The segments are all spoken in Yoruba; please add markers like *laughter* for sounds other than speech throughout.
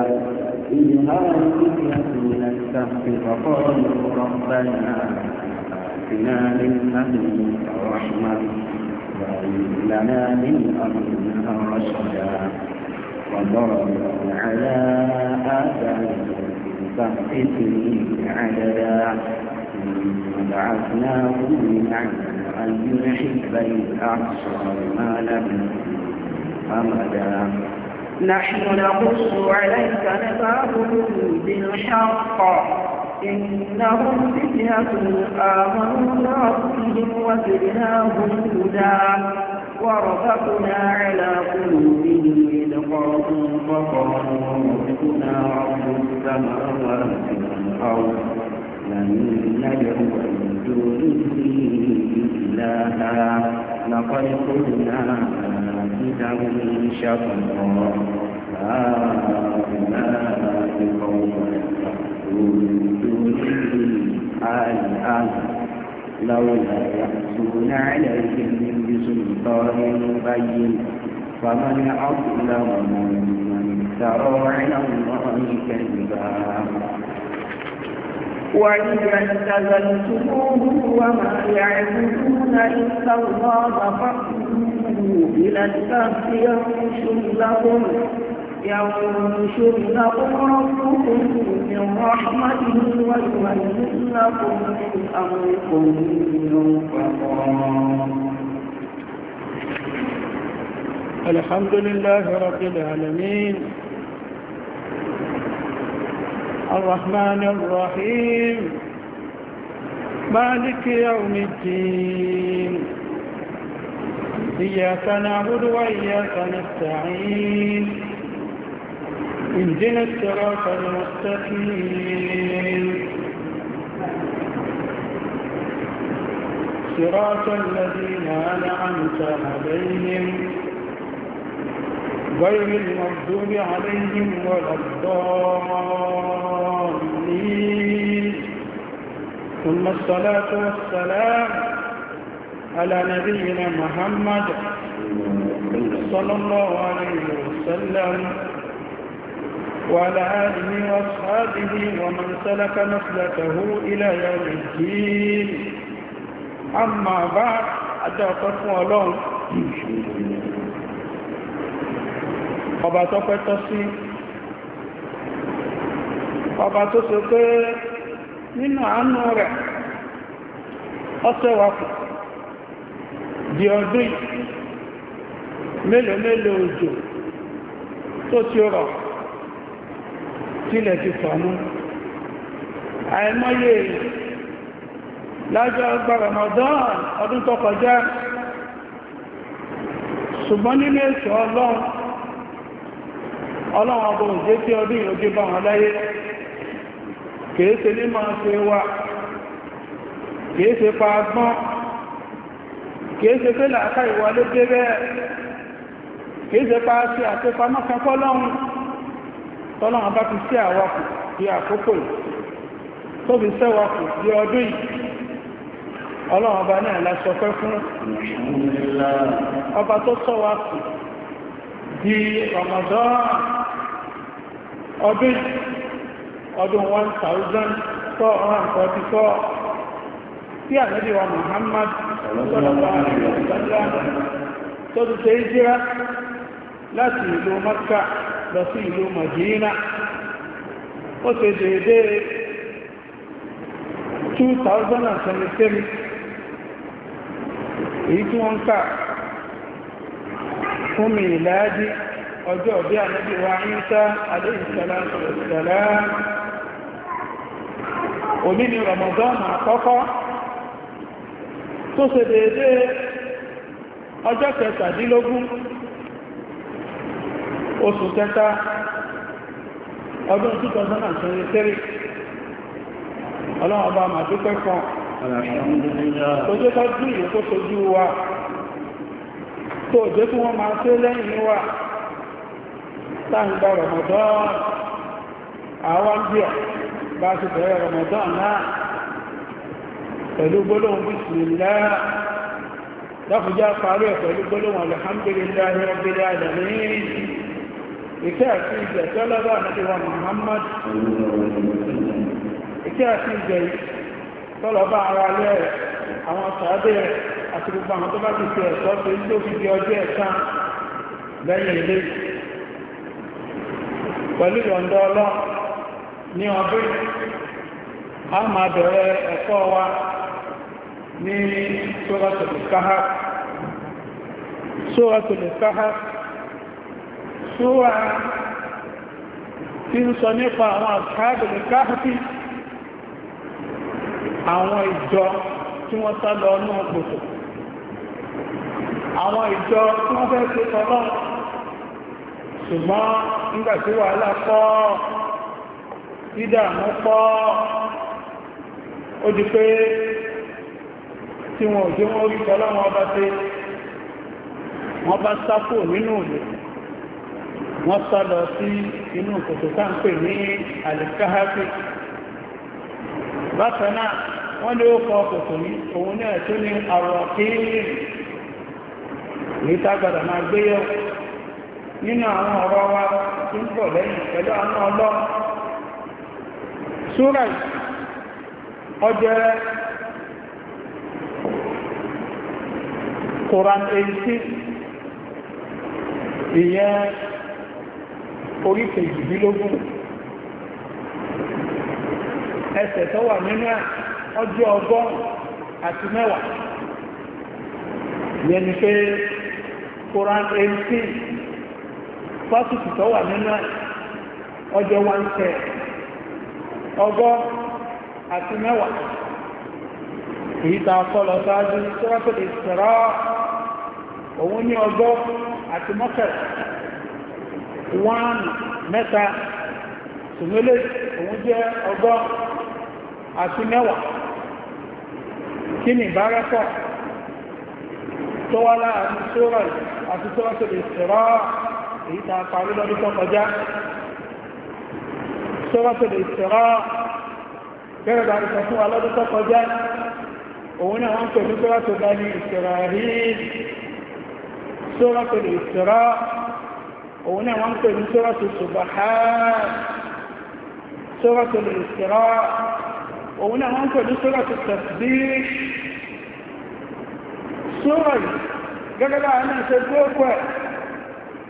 فيها فتية من السهر فقالوا ربنا آتنا من أمرك رحمة وإن لنا من أمرنا رشدا وضربوا على آثارهم بالسهر سنين عددا وبعثناهم بعثناهم من عدد أن يحب الأعصى ما لم أمدا نحن نقص عليك نباهم بالحق إنهم فتنة آمنوا بربهم وزدناهم هدى وربطنا على قلوبهم إذ فقالوا ربنا رب السماوات والأرض لن نجعل دونه إلها لقد كنا إذا شطرا هؤلاء قوم من دونه آلهة لولا يأتون عليهم بسلطان بين فمن أظلم ممن افترى على الله كذبا وإذا اعتزلتموهم وما يعبدون إلا الله فاقتلوا إلى الكهف ينشر لهم ينشر لكم ربكم من رحمته الحمد لله رب العالمين الرحمن الرحيم مالك يوم الدين إياك نعبد وإياك نستعين اهدنا الصراط المستقيم صراط الذين أنعمت عليهم غير المغضوب عليهم ولا الضالين ثم الصلاة والسلام على نبينا محمد صلى الله عليه وسلم وعلى آله وأصحابه ومن سلك نسلته إلى يوم الدين أما بعد أدعى تقوى الله ọba tó pẹ́ tọ́ sí ọba tó ṣe pé nínú àánú rẹ̀ ọ́sẹ̀ di ọdún mélòó mélòó òjò tó ti rọ̀ ti fọ̀mú àìmọ́yé lájọ́ Ramadan ọdún tó kọjá ṣùgbọ́n nínú ètò ọlọ́run ọlọ́wọ́n ọgbọ̀n òjé tí ọdún ìrọ̀jú bá wọn láyé kèése ní máa ṣe wà kèése pa agbọ́n kèése pé làákà ìwà ló dé bẹ́ẹ̀ kèése pa ṣe àtẹ́pa mọ́kànkọ́ lọ́run tọ́lọ́wọ́n bá ti sí àwakù di àkókò tó fi sẹ́wakù di ọdún yìí ọlọ́run ọba náà la sọpẹ́ fún ọba tó sọ́wakù di Ramadan ọdún ọdún 1444 tí ànábì wa Muhammad tó ìjírá láti ìlú Makka lọ sí ìlú Madina ó ṣe dédé 2027 èyí tí wọ́n ń fún mi ìlàájí ọjọ́ ọ̀bí ànábì wa Ìsá aléìsàlátù wassalam òní ni Ramadan àkọ́kọ́ tó ṣe déédé ọjọ́ kẹtàdínlógún oṣù kẹta ọdún 2023 ọlọ́run ọba màdúpẹ́ kan tó jẹ́ tọ́jú ìyókó sojú wa tó jẹ́ kí wọ́n máa ṣe lẹ́yìn wa táǹgbà Ramadan àwọn díẹ̀ bá ti bẹ̀rẹ̀ Ramadan náà pẹ̀lú gbólóhùn bismillah dákùjá parí ẹ̀ pẹ̀lú gbólóhùn alhamdulillahi rabbil alamin ìkẹ́ àti ìjẹ̀ Muhammad ìkẹ́ àti ìjẹ̀ tọ́lọ́bà ara alẹ́ rẹ̀ àwọn sàádé rẹ̀ àti gbogbo àwọn tó bá ti fi ẹ̀sọ́ tó ń lókìdí ọjọ́ ẹ̀sán lẹ́yìn ilé pẹ̀lú yọ̀ndọ́ ọlọ́ ní ọdún a ma bẹ̀rẹ̀ ẹ̀kọ́ wa ní suratul káhá suratul tí ń sọ nípa àwọn ashabul Kahfi àwọn ìjọ tí wọ́n sá lọ ní ọgbòtò àwọn ìjọ tí wọ́n fẹ́ ṣùgbọ́n nígbà tí wàhálà pọ̀ dídàmú pọ̀ ó di pé tí wọn jẹ́ ọba tí wọ́n bá sápò nínú òlè wọ́n sá lọ sí inú kòtò táǹpè ní alìkáhápì bákan wọ́n lé ó kọ kòtò ní òun náà tó ní àrọ̀ kí ní máa nínú àwọn ọ̀rọ̀ wa tí ń bọ̀ lẹ́yìn pẹ̀lú àwọn ọlọ́ ṣúra ọjẹ́ Quran 18 ìyẹn orí kejìdínlógún ẹsẹ̀ tó wà nínú ọjọ́ ọgọ́rùn àti mẹ́wàá yẹni pé Koran 18 fásitì tó wà nínú ọjọ́ wọn tẹ̀ ọgọ́ àti mẹ́wàá èyí tàà kọlọ sáájú sọ́rọ́pẹ̀lẹ̀ ìsẹ̀rọ́ òun ní ọgọ́ àti mọ́kẹ̀lẹ̀ wọ́n mẹ́ta ṣùgbẹ́lẹ̀ òun jẹ́ ọgọ́ àti mẹ́wàá kí ni ìbárẹ́pọ̀ tó wá láàrin sọ́rọ̀ àti èyí tá a parí lọ́dún tó kọjá suratul Isra gẹ́gẹ́ bá ti sọ fún wa lọ́dún tó kọjá òun náà wọ́n pè ní suratul Bani Israil suratul Isra òun náà ní suratul Subahat suratul Isra òun náà ẹ̀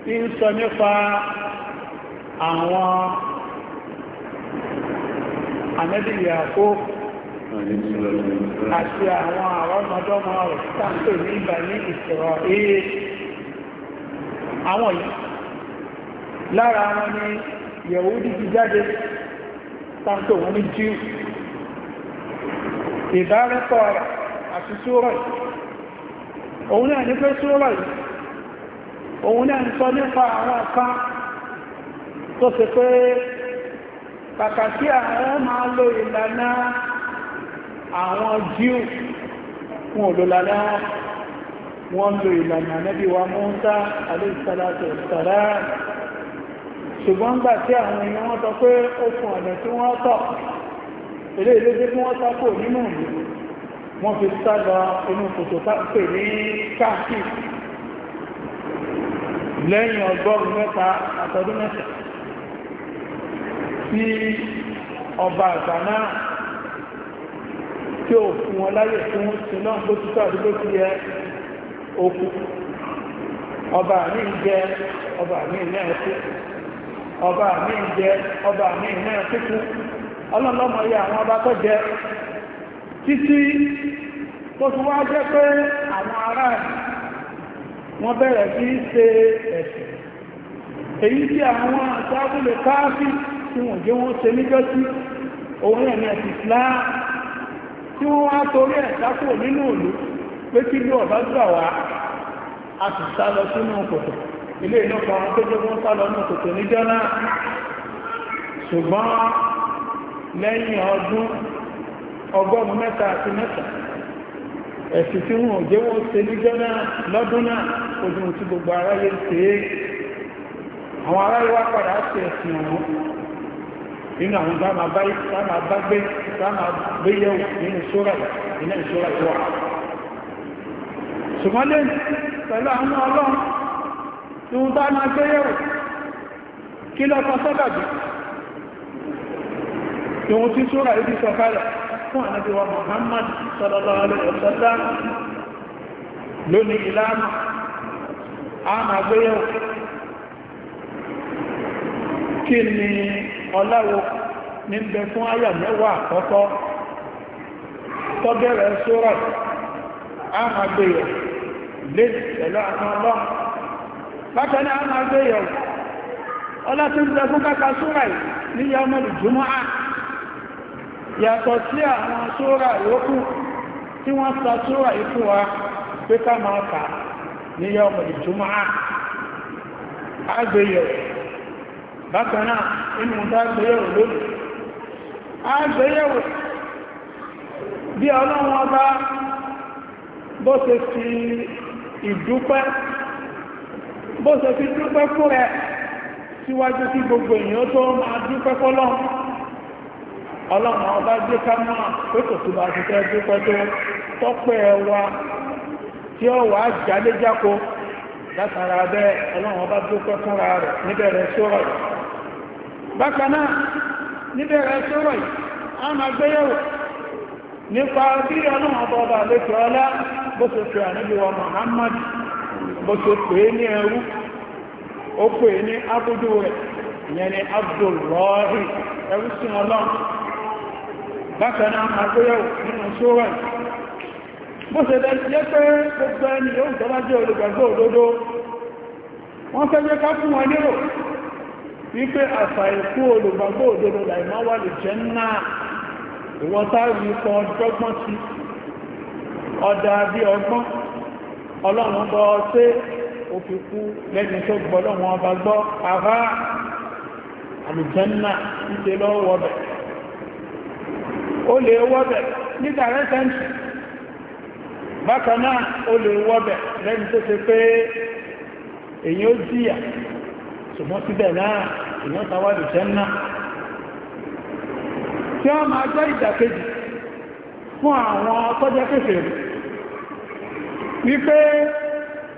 ń sọ nípa àwọn àmẹ́bìyà kó àti àwọn àrọ́mọdọ́mọ rẹ̀ tàbí ní ìgbà ní ìṣòro èé àwọn yìí lára wọn ni yẹ̀wúdí ti jáde tàbí òun ní jíu ìbárẹ́pọ̀ àti súrọ̀ òun náà ní pé súrọ̀ yìí òun náà ń sọ nípa àwọn kan tó ṣe pé kàkà sí ààrẹ máa lo ìlànà àwọn jíù fún olólànà wọ́n lo ìlànà nẹ́bí wa Mùsá aléìsàlátò ìsàlá ṣùgbọ́n gbà tí àwọn èèyàn wọ́n sọ pé ó fún ọ̀nà tí wọ́n tọ̀ ilé ìlédé tí wọ́n sápò nínú ìlú wọ́n fi sá lọ inú kòtò pé ní káàkiri lẹ́yìn ọgọ́rùn mẹ́ta àtọdún mẹ́ta tí ọba àgbà tí ó fún wọn láyè tí wọ́n ti ọba mi ń ọba mi náà kú ọba ń ọba ọlọ́lọ́mọ yẹ àwọn ọba tó jẹ títí tó tún wá jẹ́ wọ́n bẹ̀rẹ̀ sí ṣe ẹ̀sẹ̀ èyí tí àwọn àtàbílẹ̀ káàfí tí wọ́n jẹ́ wọ́n ṣe níjọ́sí òun ẹ̀mí ẹ̀sì islam tí wọ́n wá torí ẹ̀sákò nínú òlú pé kí ló ọ̀bá gbà wá a sì sá lọ sínú kòtò ilé iná kan tó jẹ́ wọ́n sá lọ ní kòtò níjọ́ náà ṣùgbọ́n lẹ́yìn ọdún ọgọ́rùn-ún mẹ́ta àti mẹ́ta ẹ̀sìn tí wọn ò jẹ́ wọ́n ṣe níjọ́ náà lọ́dún náà ogun tí gbogbo aráyé ṣe é àwọn aráyé wá padà ṣe ẹ̀sìn ọ̀hún nínú àwọn tá máa bá gbé tá máa gbé yẹ̀wò nínú ṣóra iná ìṣóra ìwà ṣùgbọ́n lẹ́yìn pẹ̀lú àwọn ọlọ́run tí wọ́n bá kí lọ́kọ̀ tí wọ́n ti ṣóra fún wa Muhammad sallallahu alaihi wasallam lónìí ìlànà àmàgbéyàwó kí ni ọláwo ní bẹ fún àyà mẹ́wàá àkọ́kọ́ tó bẹ̀rẹ̀ sórọ̀ àmàgbéyàwó pẹ̀lú àwọn ọlọ́run àmàgbéyàwó ọlá ní yàtọ̀ sí àwọn sóra yòókù tí wọ́n sa sóra ikú wa pé ká máa kà ní yọ ọmọ ìjùmọ̀ àgbéyẹ̀wò bákan náà inú ta gbéyẹ̀wò lónìí àgbéyẹ̀wò bí ọlọ́run ọba bó ṣe fi ìdúpẹ́ bó ṣe fi dúpẹ́ fún rẹ̀ síwájú kí gbogbo èèyàn tó máa dúpẹ́ fọ́lọ́run ọlọ́run ọba gbé ká mọ́ pé kò tó bá ti dúpẹ́ tó tọ́pẹ́ wa tí ó wà jáléjáko látara ọlọ́run ọba dúpẹ́ fúnra rẹ̀ níbẹ̀rẹ̀ sọ́rọ̀ yìí bákan náà níbẹ̀rẹ̀ sọ́rọ̀ yìí a máa gbéyẹ̀wò nípa bí ọlọ́run ọba ọba lẹ́tọ ọlá bó ṣe pè wa Muhammad bó ṣe pè é ní ẹrú ó pè é ní rẹ̀ bákanáà agbóyẹ̀wò nínú ṣóra bó ṣe jẹ́ pé gbogbo ẹni yóò tọ́lá jẹ́ olùgbàgbọ́ òdodo wọ́n fẹ́ jẹ́ ká fún wọn nírò wípé àṣà ìkú olùgbàgbọ́ òdodo làìmá wà lè jẹ́ náà ìwọ́ta rí kan dọ́gbọ́n sí ọ̀dà bí ọgbọ́n ọlọ́run bọ́ ṣe òfìkú lẹ́ni tó gbọ́ lọ́wọ́n ọba gbọ́ àbá àlùjẹ́ náà ń ṣe lọ́wọ́ bẹ̀rẹ̀ ó lè wọ́bẹ̀ ní direct entry bákan náà ó lè wọ́bẹ̀ lẹ́ni tó ṣe pé èyí ó díyà ṣùgbọ́n síbẹ̀ náà èyí ó tawádì jẹ́ náà tí wọ́n fún àwọn kéfèrè wípé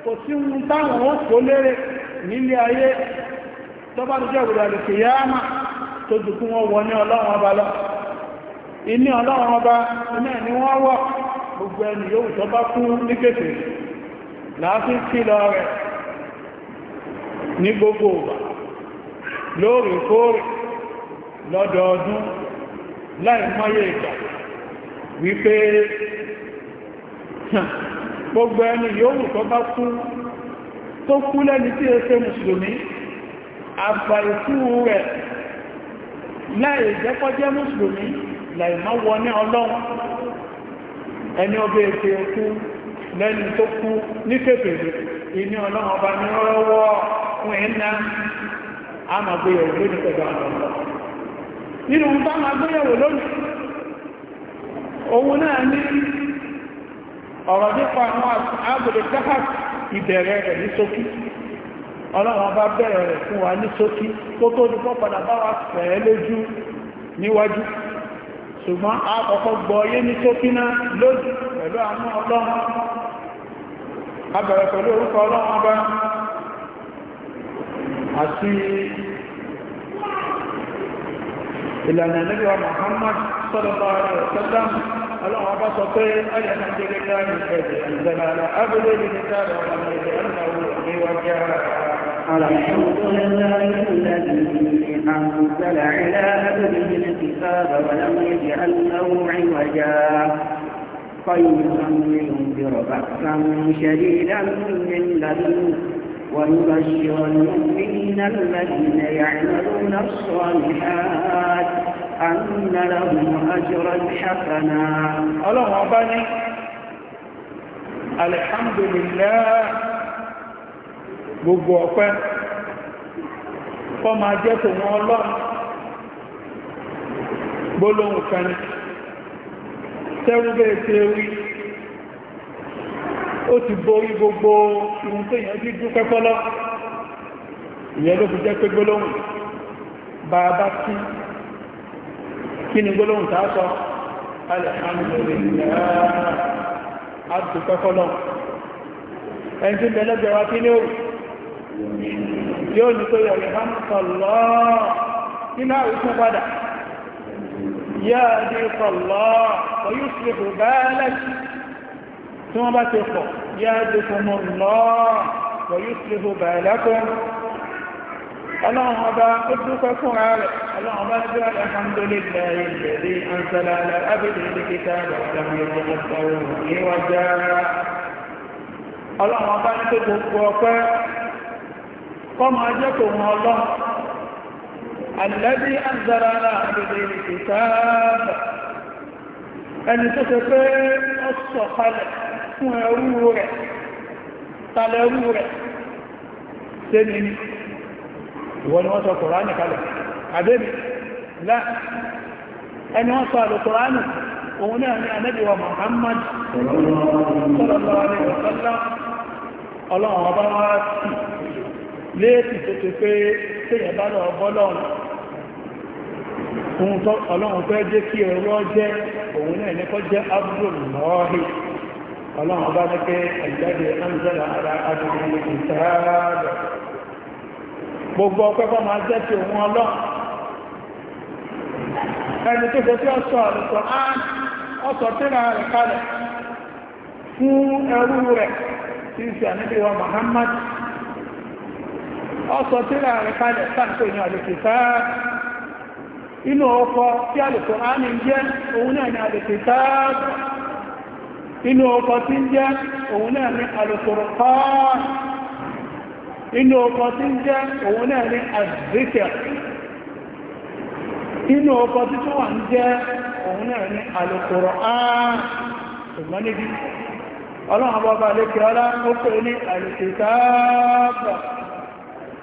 kò sí táwọn ó lérè ayé tó dùkú wọn wọ iní ọlọ́run ọba iná ni wọ́n wọ̀ gbogbo ẹni yóò tó bá kú ní kèfè láàfin sí lọ rẹ̀ ní gbogbo ọba lóòrèkóòrè lọ́dọọdún láì mọ́yé ìgbà wípé gbogbo ẹni yóò tó bá kú tó kú lẹ́ni tí èsẹ mùsùlùmí àgbà ìkú rẹ̀ láì jẹ́kọ́ jẹ́ mùsùlùmí láìmọ́ wọ ní ọlọ́run ẹni ọbẹ̀ ètè òkú tó kú ní inú ọlọ́run ọba ní ọrọ̀wọ́ fún ẹ̀nà àmàgbéyàwó lónìí pẹ̀lú nínú bá àmàgbéyàwó lónìí òun náà ní ọ̀rọ̀ nípa àwọn àgbèrè káhàt ìbẹ̀rẹ̀ rẹ̀ ní ṣùgbọ́n a kọ́kọ́ gbọ́ yé ní tókínà lójú pẹ̀lú àwọn ọlọ́run a bẹ̀rẹ̀ pẹ̀lú orúkọ ọlọ́run ọba àti ìlànà nílùú Muhammad sallallahu alaihi wasallam ọlọ́run ọba sọ pé ayẹ̀nà الحمد لله الذي أنزل على عبده الكتاب ولم يجعل له عوجا قيما لينذر بأسا شديدا من لدنه ويبشر المؤمنين الذين يعملون الصالحات أن لهم أجرا حسنا الله أبني الحمد لله gbogbo ọpẹ́ fọ́mà jẹ́ tó wọn ọlọ́run gbólóhùn kan tẹ́rúgbé tí ó rí ó ti borí gbogbo ohun tó yẹn bí dúpẹ́ fọ́lọ́ ìyẹn ló fi jẹ́ pé gbólóhùn bá bá kí kí ni gbólóhùn tàá sọ alhamdulillah àdùpẹ́ fọ́lọ́ ẹni tí bẹ̀lẹ́gbẹ̀wá kí ní òrùn yóò ní pé yọ̀rọ̀ ìhámsọ̀lọ́ nínú àwùjọ padà yóò dé sọ̀lọ́ pẹ̀lú ìṣèlú bẹ́ẹ̀lẹ̀ tí wọ́n bá ti pọ̀ yóò dé fọmọ́ lọ́ pẹ̀lú ìṣèlú bẹ́ẹ̀lẹ̀ kan ọlọ́run ọba ó dúpẹ́ fúnra rẹ̀ ọlọ́run ọba ní bíwá alhamdulillah ìlẹ̀rí ansala alábìlì ní kíta ìgbàgbàmù ìgbàgbàmù ìwájá ọlọ́run ọba ní tó gbogbo ọpẹ́ kọ́ máa jẹ́ kò wọn ọlọ́run alẹ́bí àzára àgbègbè ìtààbà ẹni tó ṣe pé ó sọ kalẹ̀ fún ẹrú rẹ̀ tàlẹ́rú rẹ̀ tẹ́mi ní ìwọ ni wọ́n sọ kòránì kalẹ̀ àbẹ́bì lá ẹni wọ́n sọ àlùkòránì òun náà ni ọlọ́run ọba wá sí léèkì tó ti pé téèyàn bá lọ bọ́lọ́run ohun tó ọlọ́run fẹ́ jẹ́ kí ẹ̀rọ jẹ́ òun náà ní jẹ́ ara gbogbo ti ẹni tó ṣe tí ó sọ án ọ̀sọ̀ rẹ̀ kalẹ̀ fún ẹrú rẹ̀ tí ọsọ tíra rẹ̀ kalẹ̀ sáàpé ní àlèkìtà inú ọkọ̀ tí àlèkò ánì jẹ́ òun náà ni àlèkìtà inú ọkọ̀ tí ń jẹ́ òun náà ni àlèkòròkọ́ inú ọkọ̀ tí ń jẹ́ òun náà ni àzíkẹ̀ inú ọkọ̀ tí tó wà ń jẹ́ òun náà ni àlèkòrò án ṣùgbọ́n níbi ọlọ́run ọlá ó pè ní àlèkìtà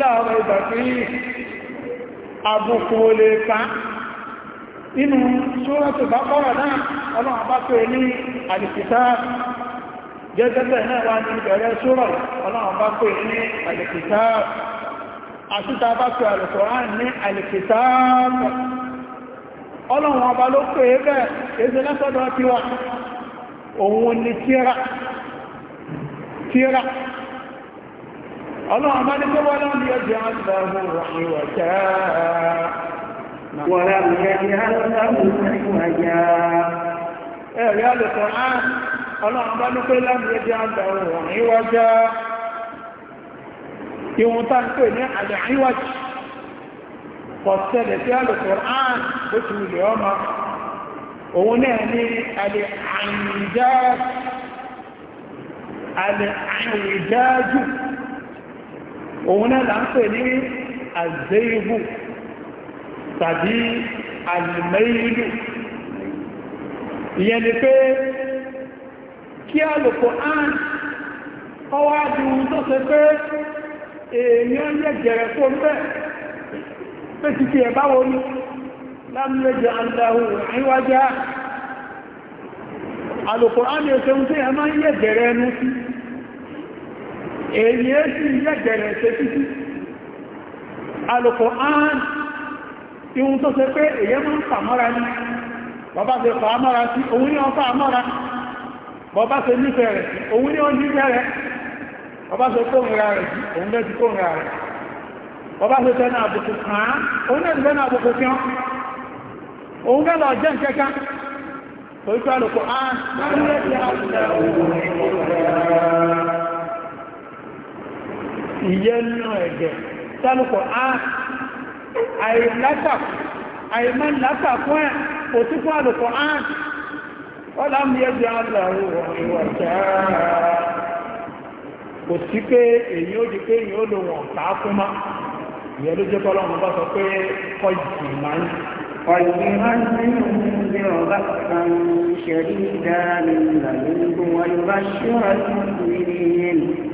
láàárọ̀ ìgbà tí àbùkù olè ká nínú ṣúrọ́tù bá kọ́rọ̀ náà ọlọ́run bá pè ní àdìkìtà gẹ́gẹ́gẹ́ náà wá ní ìbẹ̀rẹ̀ ṣúrọ̀ ọlọ́run bá pè ní àdìkìtà àṣíta bá pè àlùkọ̀rán ní àdìkìtà ọlọ́run ọba ọlọ́run bá ní gbogbo a yóò jẹ́ a, ọ̀rọ̀ ìwọ̀já wọ́n rẹ̀ ìyẹ́ ẹ̀rí a án ọlọ́run bá ní pé láàrín ẹjẹ́ àtàwọn ọ̀rọ̀ ìwọ̀já a ní àjà ìwọ̀já pọ̀tẹ́lẹ̀ sí àlùkọ̀ án ó ti wùlẹ̀ òun náà là ń pè ní àzẹ́yìnbù tàbí àlùmẹ́yìnbù ìyẹn ni pé kí àlòkò án ọwá di ohun tó ṣe pé èèyàn yẹ jẹ̀rẹ̀ fún bẹ́ pé ti fi ẹ̀bá wọn ní lámúlẹ́jẹ̀ aláhù àríwájá èyí é sí yẹ́gbẹ̀rẹ̀ ṣe títí alùkò án tó ṣe pé èyí mọ́ ń pàmọ́ra ní bọ́bá ṣe pàmọ́ra sí òun ní ọfà mọ́ra bọ́bá ṣe nífẹ̀ẹ́ rẹ̀ sí òun ní onífẹ́ rẹ̀ bọ́bá ṣe kóhìnra rẹ̀ o ìyẹ́nà ẹ̀jẹ̀ sálùkọ̀ àìmọ́ látà fún ẹ̀ kò tí fún àlùkọ̀ án ọlá mú ẹjẹ́ àlàrú ìwà ìjára kò sí pé èyí ó di pé èyí ó lò wọ̀n tàá fún má ìyẹ́ ló jẹ́ kọ́lọ́run bá sọ pé kọ́jì máa ń والبرزن بربطا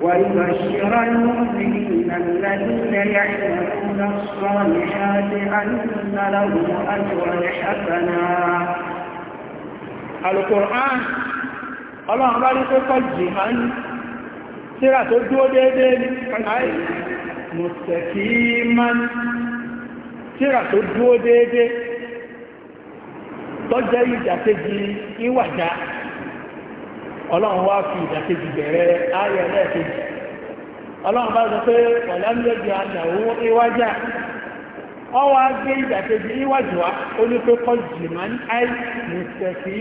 ويبشر المؤمنين الذين يعملون الصالحات أن لهم أجرا حسنا القرآن الله أمرك فالجهن سيرة الدول يدين مستقيما سيرة الدول يدين ضد طيب، يجاتي إن إيه ọlọ́run wá fi ìdàkejì bẹ̀rẹ̀ ayé ẹlẹ́ẹ̀kejì ọlọ́run bá sọ pé ọ̀làmúlẹ́bí àdàwó iwájà ọwọ́ agbé ìdàkejì iwájú wa ó ní pé kọjì máa ń áì mùsẹ̀fì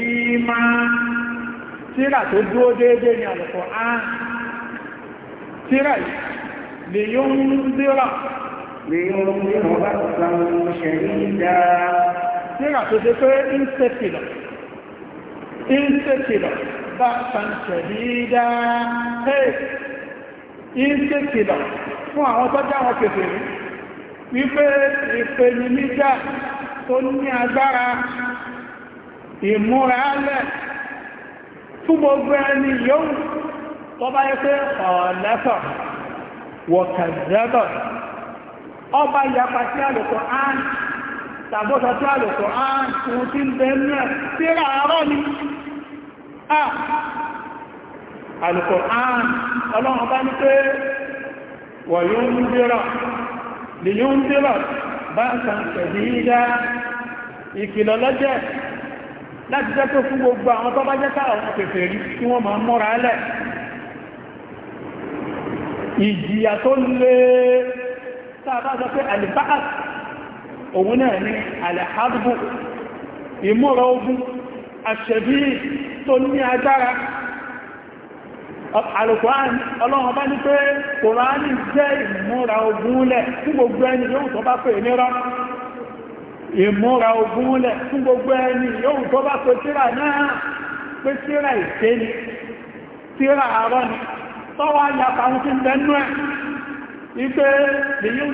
máa tíra tó dúró ní àlùkò á tíra yìí lè yóò ń dírà lè yóò ń dírà bá tíra tó ṣe pé bákan ṣẹ̀dídá hey ìṣe kìlọ̀ fún àwọn tó jáwọn kèfèrè wípé ìpènìmíjà tó ní agbára ìmúra alẹ́ fún gbogbo ẹni yóò tó bá yẹ pé ọ̀lẹ́fọ̀ wọ̀kẹ̀zẹ́bọ̀ ọba ìyapa sí án tàbọ́sọ sí àlòkọ̀ án ohun tí sí àárọ̀ ni à àlùkò àn ọlọ́run bá ní pé wọ̀ yóò ń dérọ̀ lè yóò ń dérọ̀ bá sàn tẹ̀lé yá ìkìlọ̀ lọ́jẹ́ láti jẹ́ tó fún gbogbo àwọn tó jẹ́ káàwọn pẹ̀fẹ̀ rí kí wọ́n máa mọ́ra lẹ̀ ìjìyà tó lè sáàbá sọ pé tó ní agbára alùkùránì ọlọ́run bá ní pé kùránì jẹ́ ìmúra ogúnlẹ̀ fún gbogbo ẹni yóò bá pè ìmúra ogúnlẹ̀ fún gbogbo ẹni yóò bá pè náà pé ìṣẹ́ ni àárọ́ ni tọ́wọ́ ayapa ń fi lẹ́nu ẹ̀ lèyí ń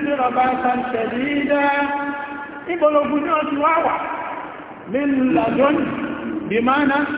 ní ọdún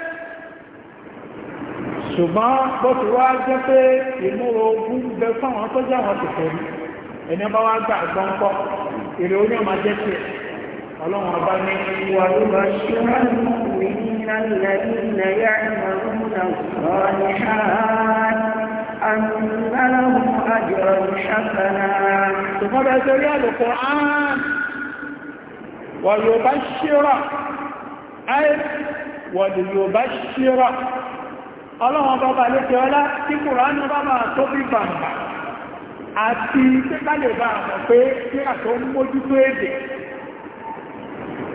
ṣùgbọ́n bó ti wá jẹ́ pé ìmúro ogun bẹ fáwọn tó jẹ́ àwọn tètè rí ẹni bá wá gbà gbọ́n pọ̀ èrè oní ọmọ jẹ́ tiẹ̀ ọlọ́run ọba ní wà ló bá ṣe wọ́n ní ìlànà ìlàyà ìmọ̀lúmọ̀lá ọ̀rọ̀ ní àmàlàmù àjọ ìṣàkànà ṣùgbọ́n bẹ́ẹ̀ sórí àlùkò án wà ló bá ṣe rà áì wà ló bá ṣe rà ọlọ́wọ́n bọ́bá ló jẹ́ ọlá tí kùránù bá máa tó bí bàmà àti pípàlẹ̀ bá mọ̀ pé kíra tó ń mójútó èdè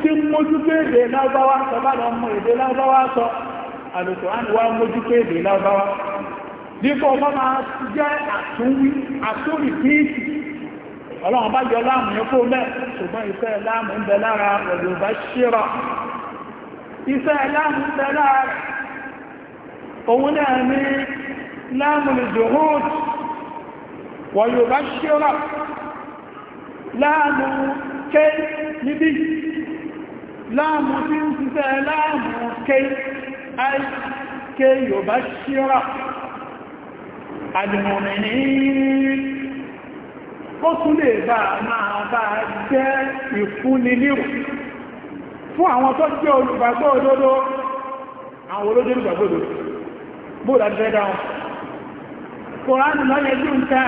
tí ń mójútó èdè lábáwá sọ bá lọ mọ èdè lábáwá sọ àlùkò àníwá mójútó èdè lábáwá dípò ọmọ máa jẹ́ àtúnwí àtúnrì kíìsì ọlọ́wọ́n bá yọ láàmù ẹkọ́ mẹ́ ṣùgbọ́n ìfẹ́ láàmù ń bẹ lára ọ̀dọ̀ ṣíra ìfẹ́ láàmù ń bẹ lára òun náà ní láàmùlì zuhud wọ̀nyí bá ṣíra láàmù ké níbi láàmù tí ń ṣiṣẹ́ láàmù ké áì ké yóò bá ṣíra àdìmọ̀mìnì ó tún lè bá máa bá jẹ́ ìfúnni nírò fún àwọn tó jẹ́ olùgbàgbọ́ òdodo àwọn olójẹ́ olùgbàgbọ́ òdodo bóòlù àdìfẹ́dà wọn kòránù lọ́yẹ jù ń tẹ́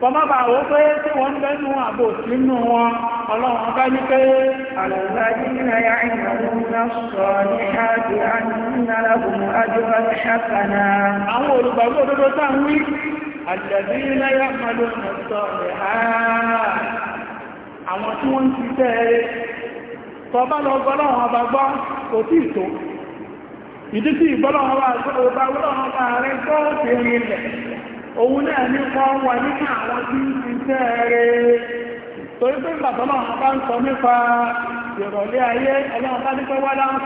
kọmọ́bà pé tí wọ́n ń bẹ́nu àbò sínú wọn ọlọ́run bá ní pé àwọn olùgbàgbọ́ òdodo tá wí àwọn tí wọ́n ti tẹ́ tọ́bá lọ gbọ́lọ́wọ́n gbọ́ kò tí ì tó ìdí tí ìbọ́lọ́wọ́ bá wọ́lọ́wọ́ bá rẹ gọ́ọ̀sì rinlẹ̀ òun náà ní wọ́n wà nínú àwọn tí ń ṣiṣẹ́ rẹ̀ torí pé bàtọ́lọ́wọ́ bá ń sọ nípa ìrọ̀lẹ́ ayé ọlọ́wọ́ bá nípẹ́ wá láwọn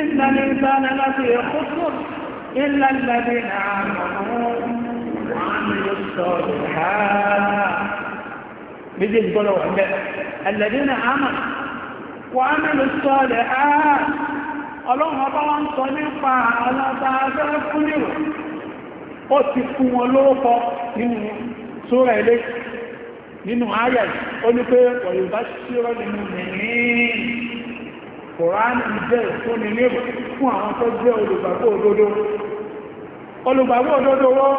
ìlànà ìlànà ọlọ́run ọba wá ń sọ nípa aláta abẹ́rẹ́ fún nìrò ó ti fún wọn lórúkọ nínú sóra ilé nínú ayà ó ní pé ọ̀yọ̀bá ṣírọ́ nínú mìíràn kòránì jẹ́ ìfúnni nírò fún àwọn tó jẹ́ olùgbàgbọ́ òdodo olùgbàgbọ́ òdodo wọ́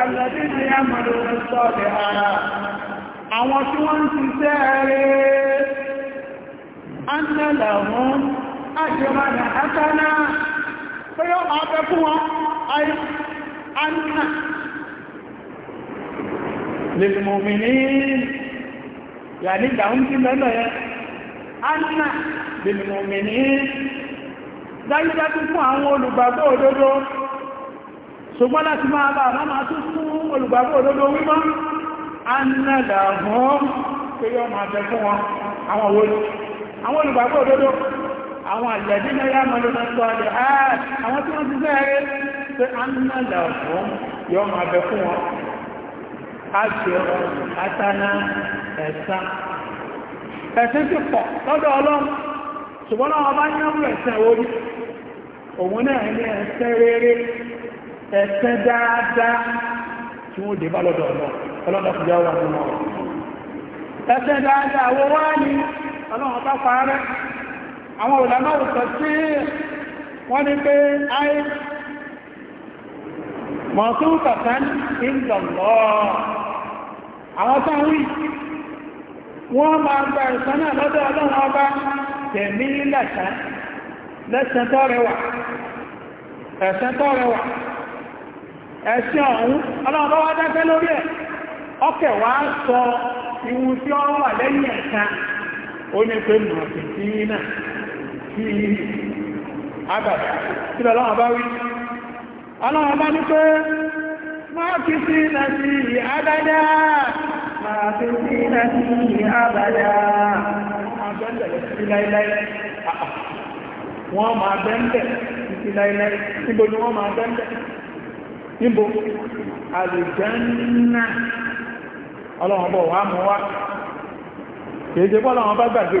alẹ́dí ni a mọ̀ àwọn tí wọ́n ti sẹ́ẹ̀rẹ́ àjẹmọ́nà àtàná pé yọ́ máa fẹ́ fún wọn àìyànà lèmọ̀mì ní yàní ìdáhùn sí mẹ́lẹ̀ yẹn àìyànà lèmọ̀mì ní dájúdájú fún àwọn olùgbàgbọ́ òdodo ṣùgbọ́n láti máa bá àwọn máa tún fún olùgbàgbọ́ òdodo wímọ́ àìyànà àwọn olùgbàgbọ́ òdodo àwọn àjẹ̀dí náà yá mọ́ lọ́nà tó àjẹ́ àwọn tí wọ́n ti bẹ́ẹ̀rẹ́ pé a ń náà yọ bẹ fún wọn a náà dáadáa tí wọ́n dé bá lọ́dọ̀ ọlọ́dọ̀ fi dáadáa àwọn òlànà òsọ tí wọ́n ni pé ai mọ̀tún kàtán ìgbọ̀lọ́ àwọn tán wí wọ́n máa gba ìsan náà lọ́dọ̀ ọlọ́run ọba tẹ̀mí lẹ́sàn lẹ́sàn tó ẹ̀sìn ọ̀hún ọlọ́run bá wá dákẹ́ lórí ẹ̀ ọkẹ̀ wá sọ ìwú tí wà lẹ́yìn ó ní pé náà bí àgbàdà tí lọ lọ́wọ́ bá wí ọlọ́wọ́ bá ní pé máa kí sí láti àgbàdà máa kí sí láti àgbàdà wọ́n máa bẹ́ńbẹ̀ títí láìláì wọ́n máa bẹ́ńbẹ̀ níbo àlùjànnà ọlọ́wọ́n bọ̀ wá mú wá kèèjẹ́ bọ́lọ́wọ́n bá gbàgbé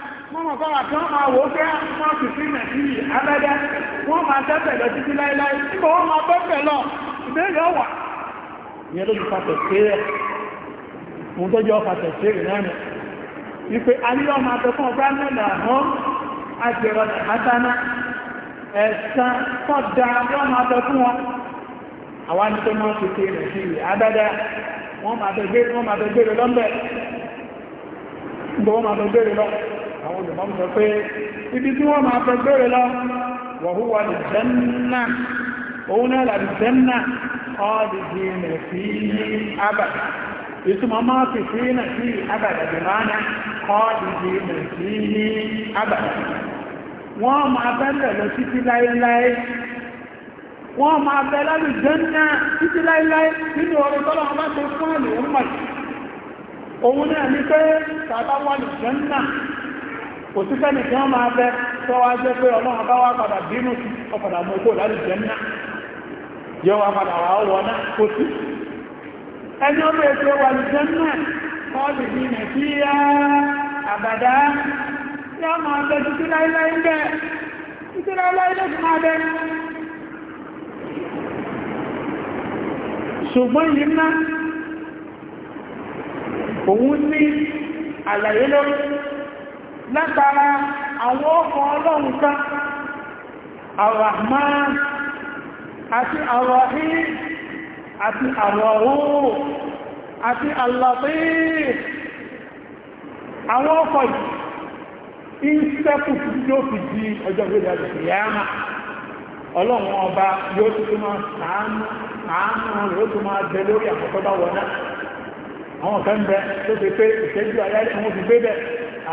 wọ́n mọ̀ fáwọn àti wọ́n máa wò fẹ́ wọ́n sì sí abẹ́dẹ́ wọ́n máa lọ títí láíláí tí máa lọ ìbéèrè ìyẹn ló ti tó jọ máa fún ọgbà mẹ́lẹ̀ àtàná ẹ̀sán tọ́da wọ́n máa fún wọn àwọn àti tó máa tètè nàìjíríì abẹ́dẹ́ wọ́n máa olùmọ́ sọ pé ibi tí wọ́n máa fẹ́ gbére lọ wọ̀húwà lè jẹ́nà òun náà lè jẹ́nà ọ́dìdì rẹ̀ sí abàdà ìtumọ̀ máa fi sí náà sí abàdà bí rẹ̀ sí abàdà wọ́n máa fẹ́ bẹ̀ lọ títí láéláé wọ́n máa bẹ̀ lálù jẹ́nà títí láéláé nínú ọ̀rẹ́ tọ́lọ́ wọn fún àlè òun mọ̀ òun náà ní pé tàbá wà lè jẹ́nà òtútẹ́nì tí wọ́n máa jẹ́ pé ọ padà mọ́ ikú láti ńlá yóò wá padà wà ó wọná kó sí ẹni ọmọ ètò wà ní ńlá kọ́ọ̀lù ní nàìjíríà àbàdá tí wọ́n máa bẹ títí láíláí bẹ́ títí láíláí ló ti máa bẹ ṣùgbọ́n yìí ńlá òun ní àlàyé lórí látara àwọn ọkọ̀ ọlọ́run kan ar àti ar àti ar àti al àwọn ọkọ̀ ìsẹ́kù yóò fi di ọjọ́ ìgbẹ̀rẹ̀ ìyáàmà ọlọ́run ọba yóò ti tó máa sàánú àánú rẹ̀ tó máa lórí àkọ́kọ́ bá wọ́n náà àwọn kan bẹ tó pé ìṣẹ́jú àwọn òfin gbé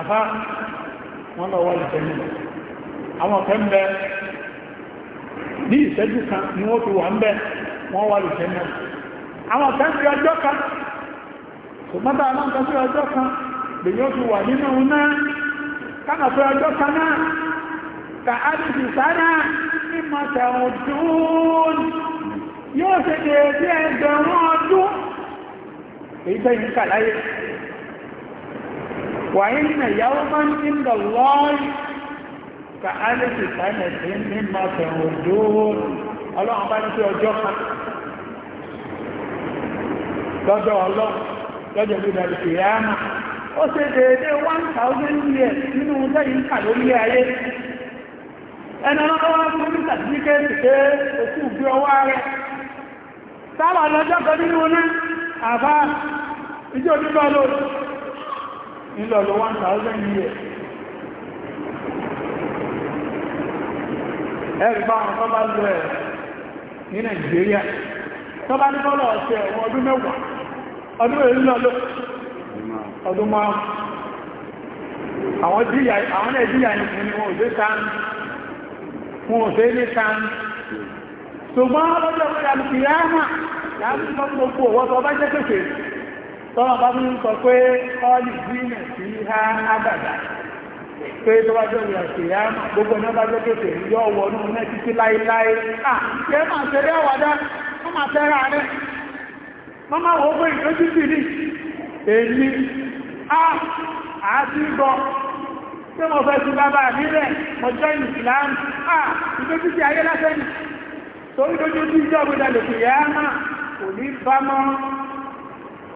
àfá wọ́n lọ wá ìjẹ̀mù àwọn ọ̀fẹ́ ń bẹ ní ìṣẹ́jú kan ni wọ́n fi wà ń bẹ wọ́n wá ìjẹ̀mù àwọn ọ̀fẹ́ fi ọjọ́ kan ṣùgbọ́n bá àwọn ọ̀fẹ́ fi ọjọ́ kan lè yóò fi wà nínú kánà fi ọjọ́ kan náà ka á ti fi sára ní mọ̀tà ọdún yóò ṣe dèédé ẹgbẹ̀rún ọdún èyí tẹ́yìn وإن يوما عند الله كألف سنة مما تعودون ọlọ́run bá ní pé ọjọ́ kan lọ́dọ̀ ọlọ́run lọ́jọ́ bí 1000 years nínú lẹ́yìn kà lórí ayé ẹni fún ní sàtífíkẹ́ẹ̀tì pé òkú bí ọwọ́ rẹ̀ sáwà lọ́jọ́ kan nínú náà àbá ìjọ́ òdúbọ́ lóòrùn nílọ lọ 1000 years ẹ̀rì bá wọn tọ́bá lọ ẹ̀ ní Nàìjíríà tọ́bá ní bọ́lọ̀ ọ̀sẹ̀ ẹ̀wọ̀n ọdún mẹ́wàá ọdún èrí lọ lọ ọdún márùn àwọn ẹ̀díyà ní wọn ò dé sáà wọn ò dé ní sáà ṣùgbọ́n ọlọ́dọ̀ ọ̀pẹ́ àlùkìyà náà láàrín gbogbo ọwọ́ tó ọba jẹ́ pẹ̀sẹ̀ tọ́wọ́n bá tún sọ pé ọ́ọ̀lì ha ábàdà pé tó bá jọ ìrìn àṣẹ yá gbogbo náà bá jọ kéèké yọ wọ ní ọmọ títí láéláé à yẹ máa máa máa wọ́n sí èmi a àti pé mo fẹ́ sí bàbá mi mo jẹ́ ìsìlámù sí ayé lásán torí ìjọba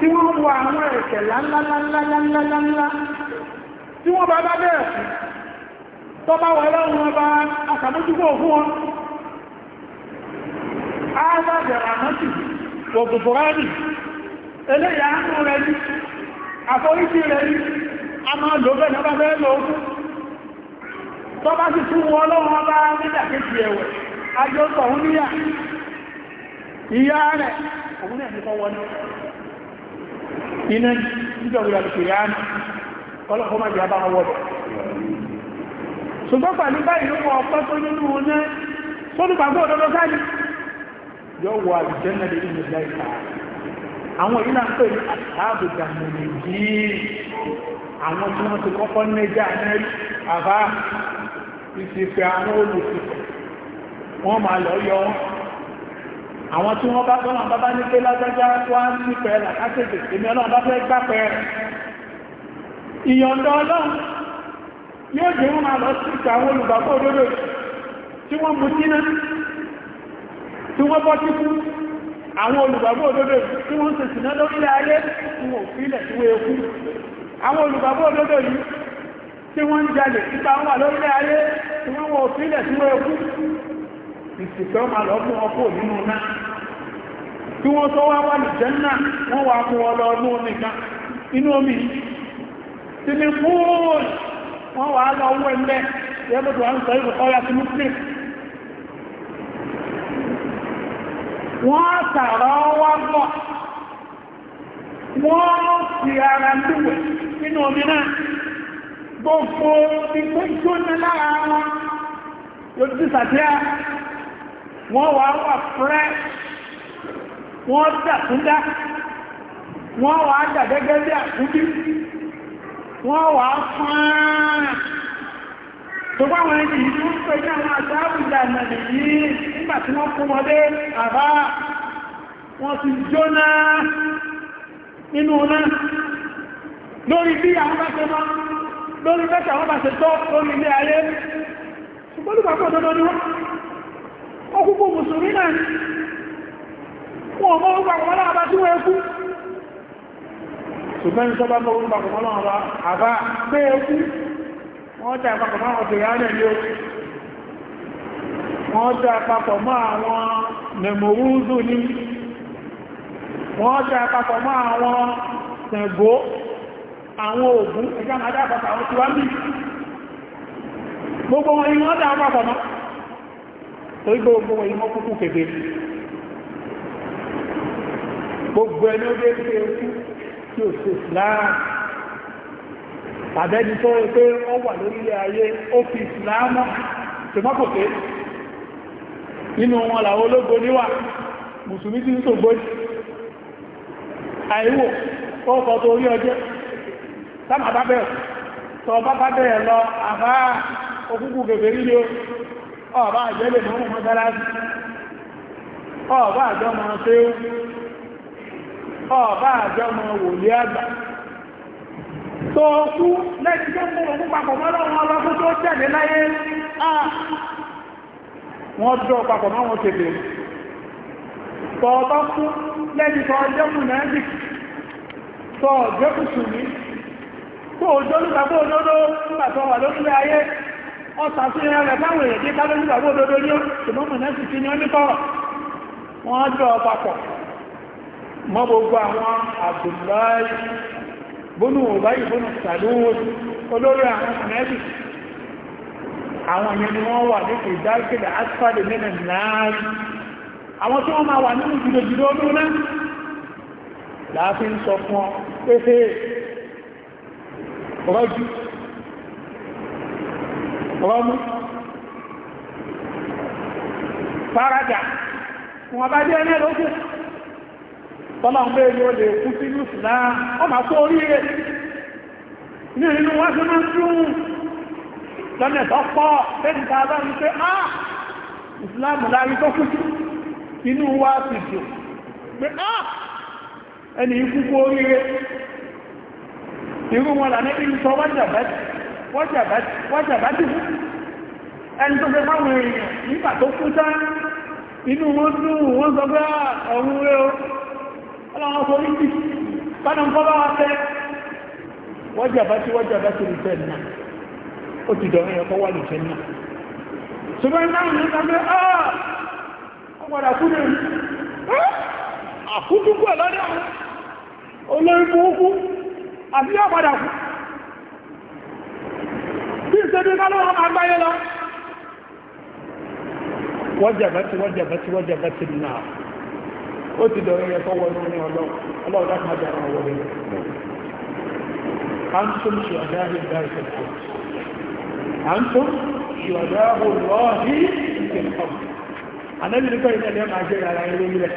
tí wọ́n wọ àwọn ẹ̀kẹ̀ lánlánlánlánlánlá tí wọ́n bá bá bẹ́ẹ̀ sí tó bá wọ lọ́rùn bá àkàmójúgbò fún wọn ágbàbẹ̀rẹ̀ eléyà rẹ̀ rẹ̀ a máa lò bẹ́ẹ̀ bẹ́ẹ̀ tó bá sì bá ẹ̀wẹ̀ ajọ́ sọ̀hún níyà ìyá rẹ̀ òun náà iná nígbàgbà kìíyàn ọlọ́pọ̀ má jẹ́ abá wọn wọ́dọ̀ ṣùgbọ́n pàdé báyìí ló wọ ọpọ́ so nínú wọn náà sólùgbàgbọ́ òdodo sáàlì yọ wọ àjẹ́nà lè nínú ìlà ìta àwọn ìlà ina pè ní àtàbùdà mọ̀lẹ̀ yìí àwọn ti yọ àwọn tí wọ́n bá tọ́nà bábá ní pé lágbájá wá ní pẹ̀lá kásẹ̀dẹ̀ èmi ọlọ́run bá fẹ́ gbá pẹ̀rẹ̀ ìyọ̀ndọ̀ ọlọ́run yóò jẹ́ wọ́n máa lọ sí ìta àwọn olùgbàgbọ́ òdodo tí wọ́n mú sínú tí wọ́n bọ́ sí fún àwọn olùgbàgbọ́ òdodo tí wọ́n sì sínú lórílẹ̀ ayé tí wọ́n fi ilẹ̀ tí wọ́n ekú àwọn olùgbàgbọ́ òdodo yìí tí wọ́n ń jalè ìsìnkẹ́ ọmọ lọ ọkọ̀ nínú náà tí wọ́n tó wá wà ní jẹ́nà wọ́n wà ọlọ omi inú omi tí ní fúúrùn wọ́n wà lọ owó ẹgbẹ́ yẹ́bùtù wọ́n sọ ìbùkọ́ ya sí muslim wọ́n ara lúwẹ̀ nínú omi náà gbogbo ìgbẹ́ lára wọn yóò ti wọ́n wà wà fúrẹ́ wọ́n dàtúndá wọ́n wà dà gẹ́gẹ́ bí àkúbí wọ́n wà fáàrà tó bá wọn ní ìlú ń pè ní àwọn àtàbùdà nàlè yìí nígbà tí wọ́n kún wọlé àbá wọ́n ti jóná nínú náà lórí bí àwọn bá ṣe mọ́ lórí bẹ́ẹ̀ àwọn bá ṣe tọ́ lórí ilé ayé ọkwụkwọ kúkú mùsùlùmí náà ni wọn ọmọ orúkọ àkọmọ́lá àbá tí wọ́n ẹkú ṣùgbọ́n tó àbá pé ẹkú wọ́n tẹ àpapọ̀ máa ọ̀tọ̀ ìyá ní o na gbogbo wọn ni àpapọ̀ torí gbogbo wọn yìí ọkụkụ gbogbo ẹni ó dé ṣe ikú tí ó ṣe islam tàbẹ́ni tó rẹ pé ó wà lórílẹ̀ ayé ó fi islam ṣe mọ́kòkè nínú wọn làwọn ológo níwà mùsùlùmí tí ń sògbó àìwò ọkọ̀ tó orí sáàmà bá bẹ̀rẹ̀ lọ àbá òkúkú ọba àjẹ́lẹ̀ mọ́ mọ́ mọ́sálásí ọba àjọ mọ́ séwú ọba àjọ mọ́ wòlé àgbà tó kú lẹ́yìn tó mú òun papọ̀ mọ́lọ́ wọn lọ́kú tó tẹ̀lé láyé wọ́n dọ́ papọ̀ mọ́ wọn tètè tọ́ọ̀bá kú lẹ́yìn tó ọjọ́ náà dì tọ́ọ̀jọ́ ọ̀sà sí ẹran rẹ̀ fáwọn èèyàn dé kájọ́ nígbà tó dodo ní ṣùgbọ́n mọ̀nà sì fi ní ọ́nítọ́rọ̀ wọ́n jọ papọ̀ mọ́ gbogbo àwọn Abdullahi bónú òbáyì bónú sàlúwòdì olórí àwọn mọ̀nẹ́bì àwọn èèyàn ni wọ́n wà nípa ìdárkìlẹ̀ asfáàdì nínú náàrí àwọn tí wọ́n máa wà nínú jùlọjùlọ ọdún náà láàfin sọ fún ọ pé ìkọ̀rọ̀mù farajà wọn bá jẹ́ ẹ̀rẹ́ lókè tọ́lá ń bẹ́ẹ̀ yóò lè kú sí lùsù náà wọ́n máa orí rẹ̀ ní inú wá sí máa ń lọ́nà tó pọ̀ lẹ́nu a bá ń pé á ah! ìsìláàmù láàrí tó kú sí inú wá sì pé ah! ẹni ikú ẹni tó fẹ́ fáwọn èèyàn nígbà tó kú tán inú wọn dùn wọ́n sọ pé ọ̀run rẹ̀ o ọlọ́wọ́ sọ ní ti bánà ń kọ́bá wa fẹ́ wọ́jà bá ti wọ́jà bá ti ó ti dọ̀rọ̀ ẹ̀kọ́ wà lè fẹ́ náà ṣùgbọ́n náà ní sọ ọgbọ̀dà kú ní olórí àbí wajabati wajabati wajabati náà ó ti dọ̀rọ̀ yẹ kọ́wọ́ ní orí ọlọ́run ọlọ́run dákùn ajá àwọn wọlé antum shuhadahu llahi fil ard antum shuhadahu llahi fil ard anabi nípa ìtẹ̀lẹ́ máa jẹ́ ara ilé ilẹ̀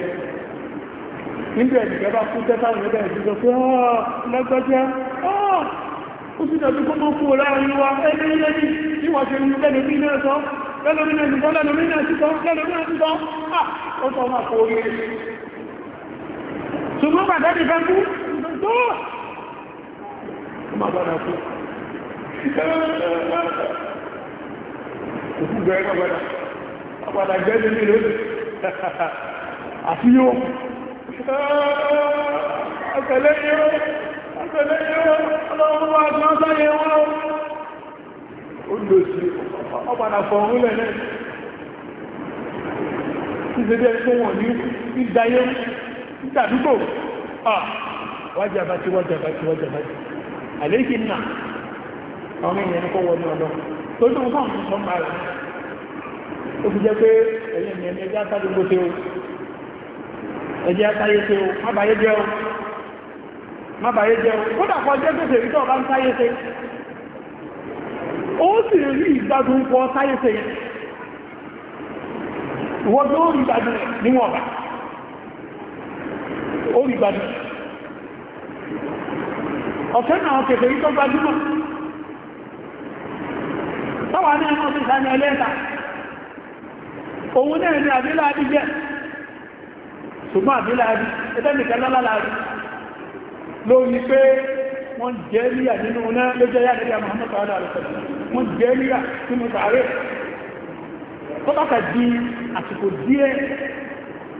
nígbà ìdìgbà bá kú tẹ́tà ìrẹ́bẹ̀ ìdìgbà pé ọ́ lágbájá ó sì dàbí kó mọ́ kú láàrin wa ẹni ilé ní ìwọ̀n ṣe ń lẹ́nu bí náà sọ lẹ́lọ́mínà ìgbọ́ lẹ́lọ́mínà títọ́ lẹ́lọ́mínà títọ́ ah, ó tọ́ máa kó orí rẹ̀ ṣùgbọ́n bàtà ti fẹ́ kú tó ma gbọ́dọ̀ kú òkú gbẹ̀rẹ̀ gbọ́dọ̀ ọ̀pàdà gbẹ́lẹ̀ ní lórí àti yóò ọ̀pẹ̀lẹ́ yóò ọ̀pẹ̀lẹ́ yóò ọlọ́run wà ó lò sí ọ̀padà fọ̀rún lẹ̀ náà tí ṣe bí ẹni tó wọ̀n ní ìdáyé ìdàdúgbò wájàbátí wájàbátí wájàbátí àlékì náà àwọn èèyàn kọ́ wọ́n ní ọ̀dọ́ tó tó ń fọ́n sọ máa rẹ̀ ó fi jẹ́ pé ẹ̀yẹ mi ẹ̀mí ẹjẹ́ àtàdúgbò tí ó ẹjẹ́ àtàyé tí ó má bàyé jẹ́ ó má bàyé jẹ́ ó kódà kọ́ jẹ́ gbèsè rí tó ọba ń táyé tí ó sì rí ìgbádùn kọ sáyẹ́sẹ̀ yẹn wọ́n tó rí ìgbádùn níwọ̀n bá ó rí ìgbádùn ọ̀fẹ́ náà kẹfẹ́ yìí tó gbajúmọ̀ tọ́wà ní ẹmọ́ sí ìsáyẹ̀ ẹlẹ́ta òun náà ni àbíláàbí jẹ́ ṣùgbọ́n àbíláàbí ẹgbẹ́nìkan lálàáàbí lórí pé wọ́n wọ́n jẹ́ níyà tí mo sàárẹ̀ tó bá kàdí àsìkò díẹ̀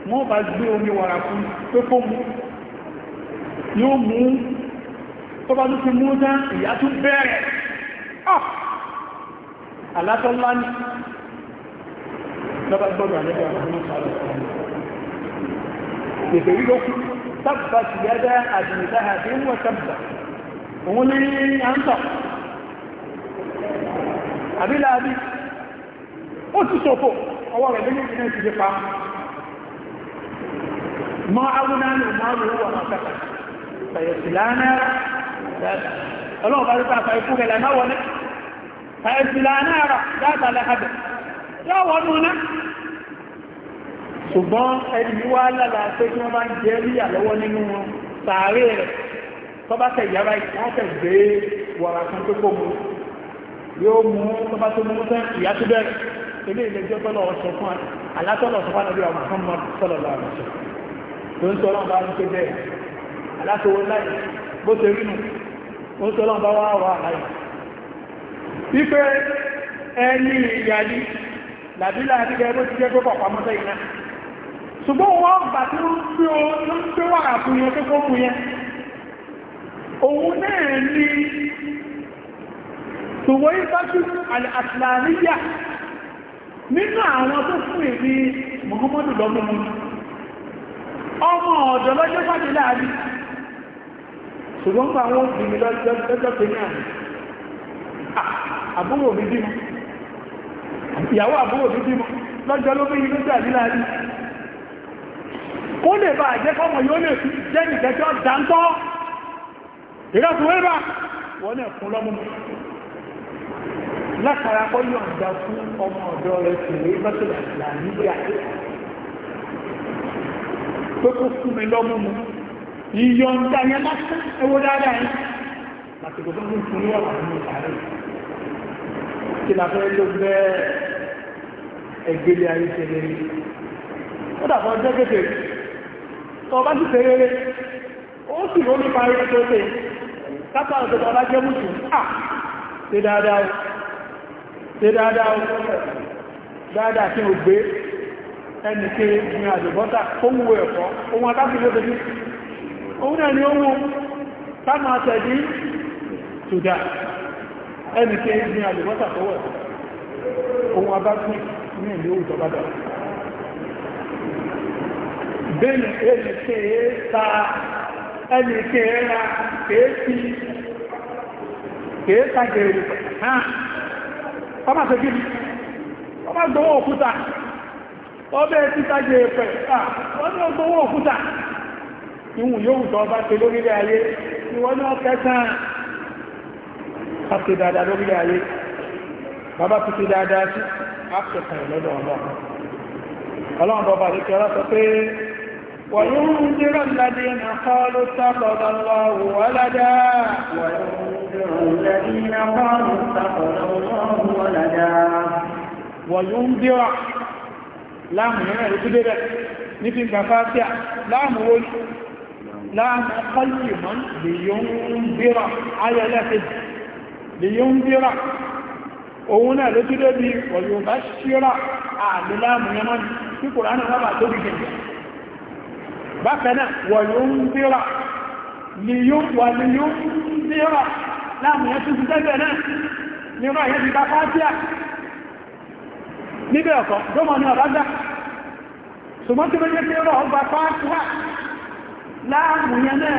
wọ́n bá gbé omi wàrà fún pé kó mú yóò mú tó bá tún fi mú tán ìyá tún bẹ̀rẹ̀ alátọ́lá ní lọ́bá gbọ́dọ̀ àlẹ́bẹ̀ àwọn ọmọ sàárẹ̀ ìfẹ̀ yìí ló kú tábà ti yá dá àdìmìtáhà tí wọ́n tábà òun ní à ń tọ̀ àbí láàbí ó ti ṣòfò ọwọ́ rẹ̀ bí nínú ti fi pa mọ́ awúnáàlù márùn-ún wà máa pẹ̀lẹ̀ pẹ̀lẹ̀ sí lánàá ọlọ́run bá rí pa àfà ikú rẹ̀ lánàá wọlé pẹ̀lẹ̀ sí lánàá rà dáàbà lẹ́hàbẹ̀ yóò wọ́n nù náà ṣùgbọ́n ẹni wá lára pé kí wọ́n bá ń jẹ́ rí àlọ́wọ́ nínú wọn rẹ̀ tọ́bátẹ̀ yàrá ìtàkẹ̀ gbé wọ̀rà tó kó mu yóò mú tọ́bá tó mú tẹ́ ìyá tó bẹ̀rẹ̀ ilé ìlẹ́jọ́ tọ́lọ̀ ọ̀ṣọ́ fún alátọ́lọ̀ ọ̀ṣọ́ fún àdúrà Muhammad sọ́lọ̀ lọ́wọ́ tó ń tọ́lọ́ bá ń ké bẹ́ẹ̀ alátọ́wọ́ láì bó ṣe rí nù ó ń tọ́lọ́ bá wá wà láì wípé ẹni ìyàlí làbí láti gẹ bó ti jẹ́ pé pàpà mọ́tẹ́ yìí náà ṣùgbọ́n wọ́n gbà tí ó ń gbé wàrà fún yẹn tó kó fún yẹn òun náà ní tòwọ́ ìbájú al'asìláníyà nínú àwọn tó fún ìrí muhammadu lọ́mọ́mọ́ ọmọ ọ̀dọ̀ lọ́jọ́ pàdé láàrin ṣùgbọ́n pa àwọn òbìnrin lọ́jọ́ pé ní àmì àbúrò mi bímọ ìyàwó àbúrò mi bímọ lọ́jọ́ ló bí inú jà ní láàrin kó lè bá àjẹ́ fọ́mọ yóò lè jẹ́ nìkẹ́jọ́ dáńtọ́ ìrọ́sùn wẹ́bà wọ́n lè fún lọ́mọ́mọ́ látara kọ́ yọ̀ǹda fún ọmọ ọ̀dọ́ rẹ̀ tìlé bẹ́tẹ̀lá nàìjíríà pé kó fún mi lọ́mú mu ìyọ̀ǹda yẹn lásán ẹwọ́ dáadáa yẹn láti gbogbo ní fún yọ̀ àwọn ìsàrẹ̀ kí la fẹ́ ló gbẹ́ ẹgbẹ́lẹ̀ ayé tẹ̀lé ó dàbọ̀ ọjọ́ kéde tó o bá ti tẹ̀lé rẹ̀ ó sì rọ́ nípa ayé tó tẹ̀ kápá ọ̀dọ̀ ọ̀dọ̀ ọ̀dọ̀ jẹ́ mùsùlùmí à ṣe dáadáa ṣe dáadáa dáadáa tí ó gbé ẹni ké ní àjọ̀bọ́ta ohun ẹ̀kọ́ ohun akáfíì ló ohun náà ni ohun táwọn àtẹ̀dí tòdá ẹni ké ní àjọ̀bọ́ta tọwọ́ ohun abáfíì ní ìlú ọmọ ṣe gíní ọmọ gbọ́wọ́ òkúta ọbẹ̀ títà jẹ ẹ̀pẹ̀ wọ́n ní ọgbọ́wọ́ òkúta ìwùn yóò tọ́ bá ṣe lórílẹ̀ ayé ni wọ́n ní ọkẹsàn àti dáadáa lórílẹ̀ ayé bàbá ti fi dáadáa sí àpẹẹkàn lọ́dọ̀ ọlọ́run ọlọ́run bọ́ba àti kẹrọ sọ pé وينذر الذين قالوا اتخذ الله ولدا وينذر الذين قالوا اتخذ الله ولدا وينذر láàmù náà rí kúdé rẹ̀ ní fi gbà fásíà láàmù wọ́n láàmù kọlù mọ́ lè yóò ń bíra ayẹ́lẹ́fẹ́ lè yóò ń bíra òun náà ló kúdé bí wọ̀lú bá ṣíra àdìláàmù yẹmọ́ ní kúrò bákanáà wọ̀nyúndíra wọ̀nyúndíra láàmùyẹ́ tún ti tẹ́gbẹ̀ náà nírọ̀ yẹ́ ti bá fásíà níbẹ̀ ọ̀kọ́ gọ́mọ̀ ní ọ̀bájá ṣùgbọ́n tí ó jẹ́ pé rọ̀ ọgbà fásíà láàmùyẹ́ náà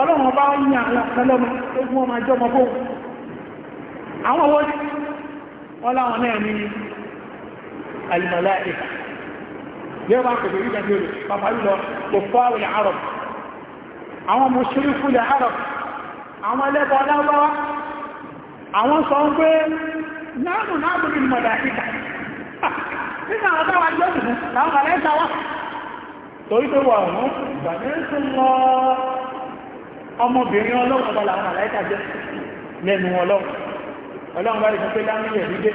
ọlọ́run bá ń yàn àwọn kan lọ́mọ ogun ọmọ ajọ́ ọmọ bóun àwọn owó ní ọláwọn náà ní alìmọ̀láìkà yóò bá kòtò rígbà tí ó lè pàpà lọ kò fáwọ̀ arab àwọn mùsùlùmí ilẹ̀ arab àwọn ẹlẹ́bọ̀ aláwọ́ àwọn sọ ń pé nínú àwọn táwà jọ́ ìfún láwọn alẹ́ta torí pé wà ọ̀hún ìgbà ọmọbìnrin ọlọ́run ọba làwọn àláìka jẹ́ lẹ́nu ọlọ́run ọlọ́run bá rí pé dámìlì ẹ̀rí dé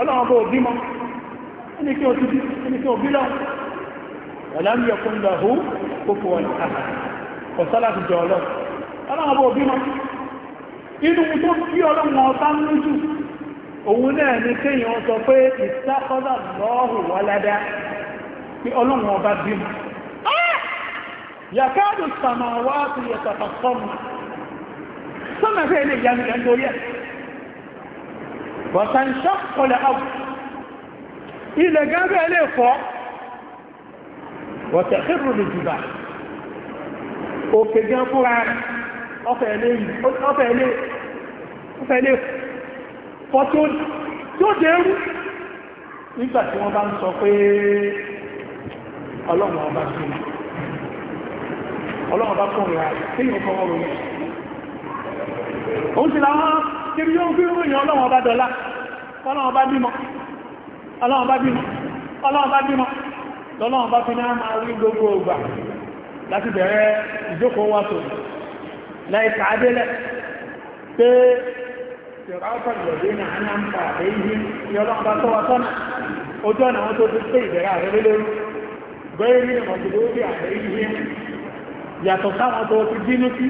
ọlọ́run bó bímọ ẹni kí o ti bí ẹni kí o bí lọ́wọ́ ọ̀làmì ẹ̀kún lọ hù kókò wọn àhà ọ̀sọ́lá ti jọ ọlọ́run ọlọ́run bó bímọ inú tó bí ọlọ́run ọba ń lójú òun náà ni kéèyàn sọ pé ìsákọ́dà lọ́ọ̀hù wọ́ládá pé ọlọ́run ọba bímọ yàkáàdù sàmàwá ti yàtàtà fọ́nà sọ́nà fẹ́ ilé ìyanu ẹ̀ lórí ẹ̀ bọ̀tàǹṣọ́ kọlẹ̀ àwù ilẹ̀ gábẹ́ ilé fọ́ wọ̀tẹ̀kẹ́rù lè jùlọ òkè gan fúnra ọfẹ́ ilé fọ́ tí ó dẹ̀rú wọ́n bá ń sọ pé ọlọ́run ọba sí ọlọ́run bá fún ìrà tí yóò kọ́ ọrùn yẹn òun sì láwọn kébí yóò fi ròyìn ọlọ́run bá dọ́lá ọlọ́run bá bímọ ọlọ́run bá bímọ ọlọ́run bá fi ní àmà rí gbogbo láti bẹ̀rẹ̀ ìjókòó ojú ọ̀nà wọn tó ti pé ìbẹ̀rẹ̀ yàtọ̀ sáwọn tó ti dínú sí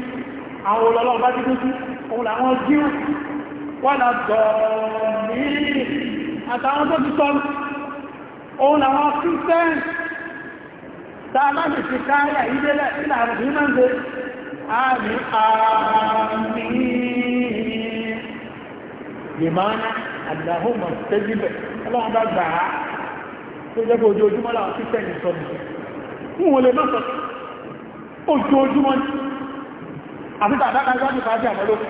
àwọn olọ́lọ́ bá dínú sí òun làwọn jíu wọ́n là dọ̀ọ̀mí àtàwọn tó ti sọ́rọ̀ òun làwọn kírísẹ́n tààbàbì ti káyà ìdélẹ̀ ìlànà ìmọ̀ǹdé àmì àmì ìmọ̀ọ́nà àdàhùnmọ̀ tẹ́jíbẹ̀ ọlọ́run bá gbà á tó jẹ́ kó ojoojúmọ́ làwọn kírísẹ́n sọ́rọ̀ ojoojúmọ́ ní àti tàbátà ìwádìí fàájì àmọ́lókù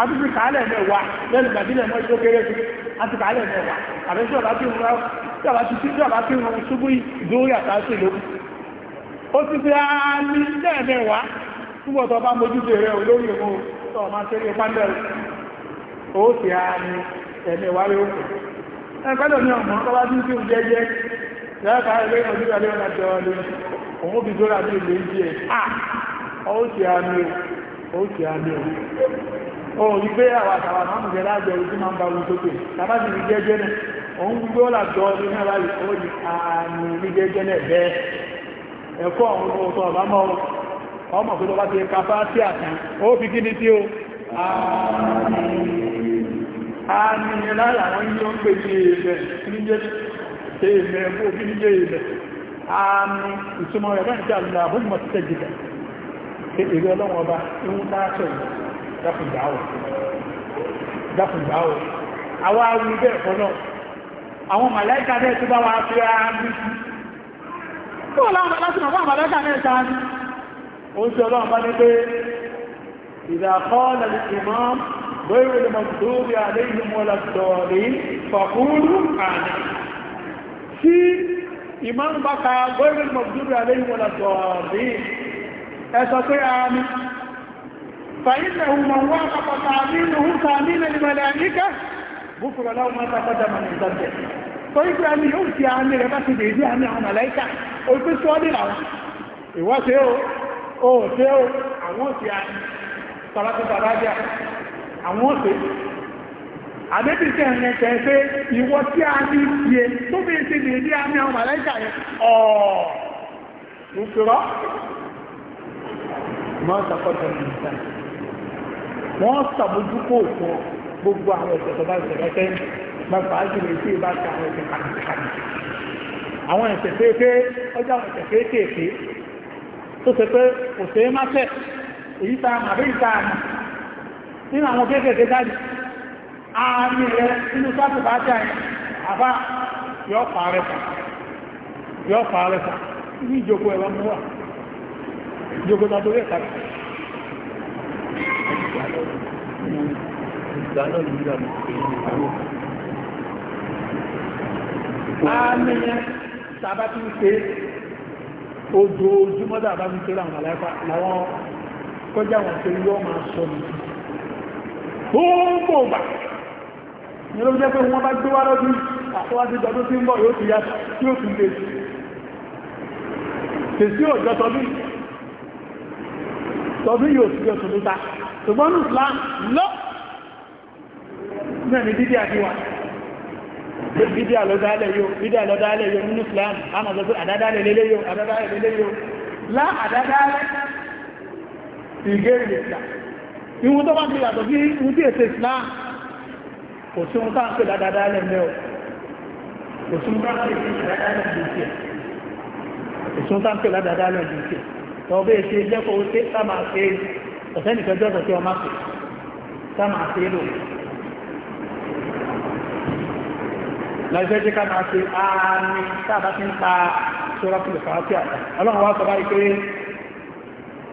àti fi kàálẹ̀ mẹ́wà lẹ́nu gbàdílẹ̀ mọ́ ìṣó kéré sí àti tí tí àtàṣì lókù ó ti fi ààlì lẹ́ẹ̀mẹ́wà túbọ̀ tó bá ó ti ààlì ẹ̀mẹ́wà rẹ̀ òkú ẹ̀kọ́dọ̀ ní ọmọ tí ó jẹ́ jẹ́ òun ó fi dóra ní ilé ọ ẹ̀ à ó ti àmì ó ti àmì ó rí pé àwọn àtàwà máa ń jẹ láàjọ ojú máa ń ba orí sókè tàbá sì rí jẹ́jẹ́ náà ebe gbígbó làjọ ní náà láyé ó ní àmì rí jẹ́jẹ́ náà bẹ́ẹ̀ ẹ̀kọ́ àwọn ọmọ ti kàfá sí àtàn ó fi kí ní ebe ebe ebe. àmì ìtumọ̀ rẹ̀ náà jẹ́ àlùláàbùn mọ̀ títẹ́ jìdà pé èrè ọlọ́wọ́ ọba ihun táàṣẹ̀ dákùndáwọ̀ àwọn awi bẹ́ẹ̀ fọ́nà àwọn màláìkà náà tó bá wá fi ara ń bí kí wọ́n láwọn láti mọ̀ fún àmàláìkà náà sáà ní oúnjẹ ọlọ́run bá ní pé ìdàkọ́ọ̀lẹ̀ ìmáàmù bá ka gọ́ọ̀rẹ̀ mọ̀gbúrú àlẹ́yìn wọn lọ́tọ̀ rí ẹ̀sọ pé àmì fàyínà ọmọ wọn àpapàtà àmínú húta àmínà ìmọ̀lẹ̀ àníkà búkúrọ̀ láwọn máa tàpátà mọ̀ ní ìdọ́jẹ̀ torí pé àmì yóò fi àmì rẹ̀ bá ti dè ní àmì àwọn àlẹ́kà orí sọ́ọ́dì làwọn ìwọ́ àwọn òṣì àbẹ́bìtẹ̀ ẹ̀rẹ́ tẹ̀ẹ́fẹ́ ìwọ tí a ní ìpìẹ tó bí i ti lè ní àmì àwọn màláìkà yẹn ọ̀ọ̀ ìpìrọ́ wọ́n sàbójúkò fún gbogbo àwọn ẹ̀sẹ̀ tó bá ìṣẹ̀lẹ̀ tẹ́ mẹ́fà ájúlé sí ìbá ti àwọn ẹ̀sẹ̀ kàkàkàkì àwọn ẹ̀sẹ̀ péèké ọjọ́ àwọn ẹ̀sẹ̀ péèkéèké tó ṣe pé kò ṣe é má tẹ̀ èyí tá àmà bí ìta àmà nínú àwọn péèkéèké jáde ààrin rẹ̀ inú sáàtùbá jẹ́ àbá yọ́ pààrẹ fà yọ́ pààrẹ fà ní ìjòkó ẹ̀rọ mú wà ìjòkó tàbí rẹ̀ tàbí ààrin rẹ̀ tàbá tí ń pé ojoojúmọ́ dàbá ń pé àwọn àlẹ́fà láwọn kọjá wọn pé yọ́ máa sọ ní gbogbo ní ló jẹ́ pé wọ́n bá gbé wá lọ́dún àtọ́wájú ọdún tí ń bọ̀ yóò ti yá tí ó tún lè tèsí òjò tọdún tọdún yóò sí ọ̀tún lóta ṣùgbọ́n ní Islam lọ náà ni dídí àdíwà dídí àlọ́dálẹ̀ yóò dídí àlọ́dálẹ̀ yóò nínú Islam amazọ́tún àdádálẹ̀ lélé yóò àdádálẹ̀ lélé yóò lá àdádálẹ̀ ìgé ìrẹ̀ta ìwọ̀n tó bá ti yàtọ̀ sí ìwọ̀n tí èsè Islam kò sí ohun táà ń pè dáadáa o kò sí ohun táà ń pè dáadáa lẹ́mẹ́ kò sí ohun táà ń o tọ́ bẹ́ẹ̀ ṣe jẹ́kọ̀ọ́ ó ṣe sáà máa ṣe ọ̀sẹ́ nìkan jọ́ ọ̀sẹ̀ ọmọ pè sáà máa ṣe lò láìsẹ́ jẹ́ ká máa ṣe ààrin bá ti ń pa ṣọ́ra fún ọlọ́run wá sọ báyìí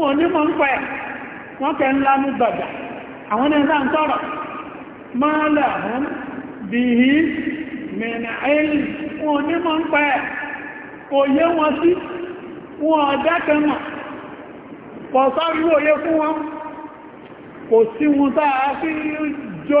wọn ní mọ̀ ń pẹ́ wọ́n kẹ́ ńlá gbàgbà àwọn ẹ̀dá ń tọ́rọ̀ máa lẹ́hún àwọn i mẹ́nà ẹ̀lì wọn ní mọ̀ ń pẹ́ òye wọn sí wọn ọ̀dákẹ́mọ̀ kọ̀ sọ́rú òye fún wọn kò sí wọn táa jọ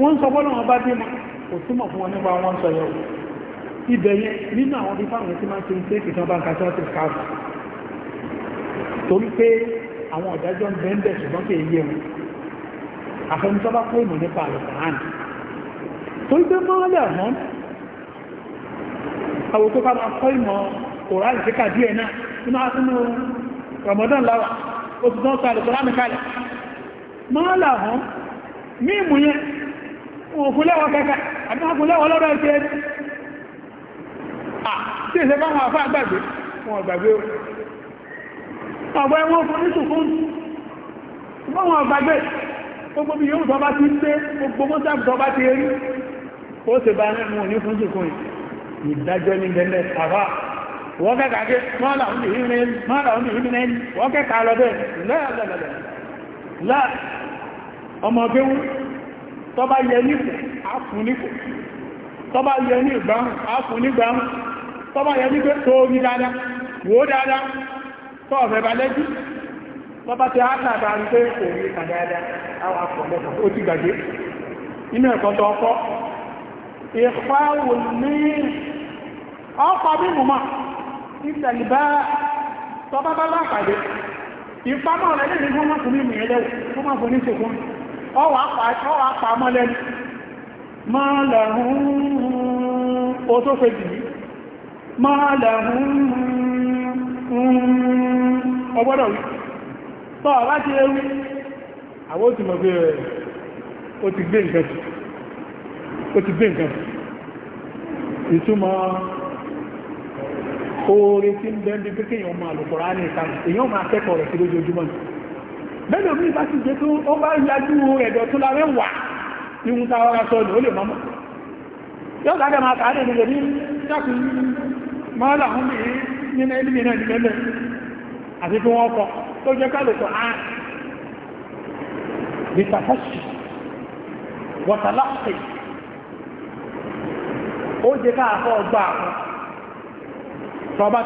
wọ́n sọ bọ́lọ̀ wọn bá dé ma kò túnmọ̀ fún wọn nípa wọn sọ yẹ̀wò ibẹ̀ yẹn nínú àwọn bí fáwọn tí máa ń ṣe ń tẹ́kì tán bá ń kàtà sí káàkù torí pé àwọn ọ̀dájọ́ ń bẹ́ẹ̀ ṣùgbọ́n kì í yé wọn àfẹnusọ́ bá Ramadan lawa, ó ti tán sọ àlùkùnrán kalẹ̀ mọ́ lẹ̀ mọ́ mímú yẹn òfúnlẹ́wọ̀n gbogbo bí yóò tọba ti pé gbogbo mọ́sá tọba ti rí ó sì bá rẹ̀ wọn ní fún ṣùkún ìdájọ́ ní gẹ́lẹ́ àfá wọ́n kẹ́kà gé wọ́n làwọn ní ìrìnlẹ́ wọ́n kẹ́kà lọ bẹ́ẹ̀ tó bá yẹ ní ìpò á yẹ ní ìgbàmù á yẹ tó ọ̀fẹ́ bá lẹ́jú ti á tàbà pé kò rí àwọn akọ̀lẹ́kọ̀ ó ti gbàgbé inú ẹ̀kọ́ tó ọkọ́ ìfáwò ní ọkọ̀ bí ma ìtẹ̀lìbá bá lápàdé rẹ̀ lè ní ọwà pa mọ́lẹ́nu máa lẹ̀hún o tó fẹ́ jì máa lẹ̀hún ọgbọ́dọ̀ wí tọ́ ewu àwọn ó ti mọ̀ pé o ti gbé nǹkan ìtumọ̀ oore tí ń bẹ́ndí pé kéèyàn máa lòkọ̀rá ní ìkàmù èyàn máa kẹ́kọ̀ọ́ rẹ̀ sí ni bẹ́ẹ̀ lómi bá ti jẹ́ tó ó bá yájú ẹ̀dọ̀ tó lára wà ihun ta ọra sọ lò ó lè mọ́mọ́ yóò dáadẹ́ máa kàá dẹ̀ nílẹ̀ ní sákùn máa na mi nínú ẹlùmí náà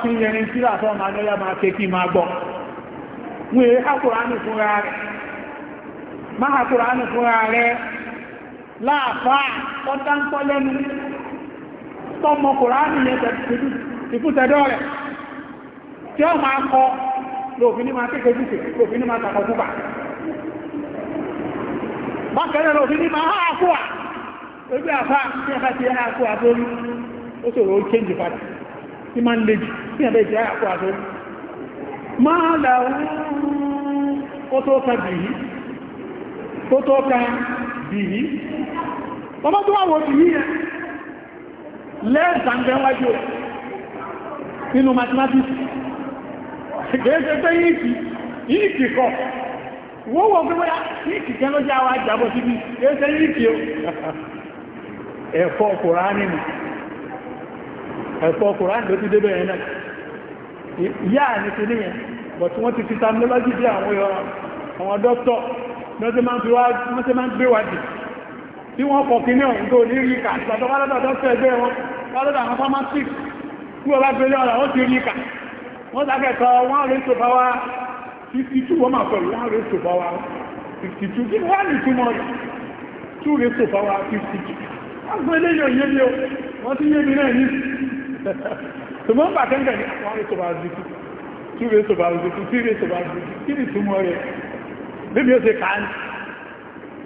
ní mẹ́lẹ̀ àti nwere ha kùránì fúnra rẹ̀ ma ha kùránì fúnra rẹ̀ láàfáà ọ̀dáńtọ́ lẹ́nu tọ́mọ kùránì yẹn ìfútẹ̀dọ́ rẹ̀ tí ó máa kọ lòfin ní máa kéèkéé jùsẹ̀ lòfin ní máa ofinima púpà bákẹ̀rẹ̀ lòfin ní máa a kúwà ojú àfá tí ẹ̀fà ti háà kúwà tó rí ó sọ̀rọ̀ máa làwọn ó tó ka bìí ó tó ka bìí ọmọ tó wà wọ́n bìí yẹn lẹ́ẹ̀sàǹgbẹ́ nínú mathematics gẹ́gẹ́ pé yìí yìí kì kọ́ wọ́n wọ́n wọ́n yìí kì kẹ́ àwọn ìyá ní kí ní yẹn but wọ́n ti fi terminology bí àwọn ọ̀rọ̀ àwọn dọ́tọ̀ mọ́sí máa ń gbé wá dì tí wọ́n kọ̀ kí ní ọ̀rọ̀ tó ní ríkà àtàtọ̀ wálọ́dọ̀ dọ́tọ̀ ẹgbẹ́ wọn wálọ́dọ̀ àwọn pharmacist tí wọ́n bá gbélé ọ̀rọ̀ wọ́n ti ríkà wọ́n sàkẹ́kọ̀ọ́ wọ́n rí tó bá wá 52 wọ́n máa pẹ̀lú wọ́n rí tó bá wá 52 kí wọ́n ní túmọ̀ rẹ̀ 2 rí tó bá wá 52 wọ́n gbélé yóò yé mi o wọ́n ti yé mi náà ní *laughs* ṣùgbọ́n bàtẹ́ ń bẹ̀ ní one race over zero two race over zero three race over zero kí ni túmọ̀ rẹ̀ bíbí ó ṣe kà á ní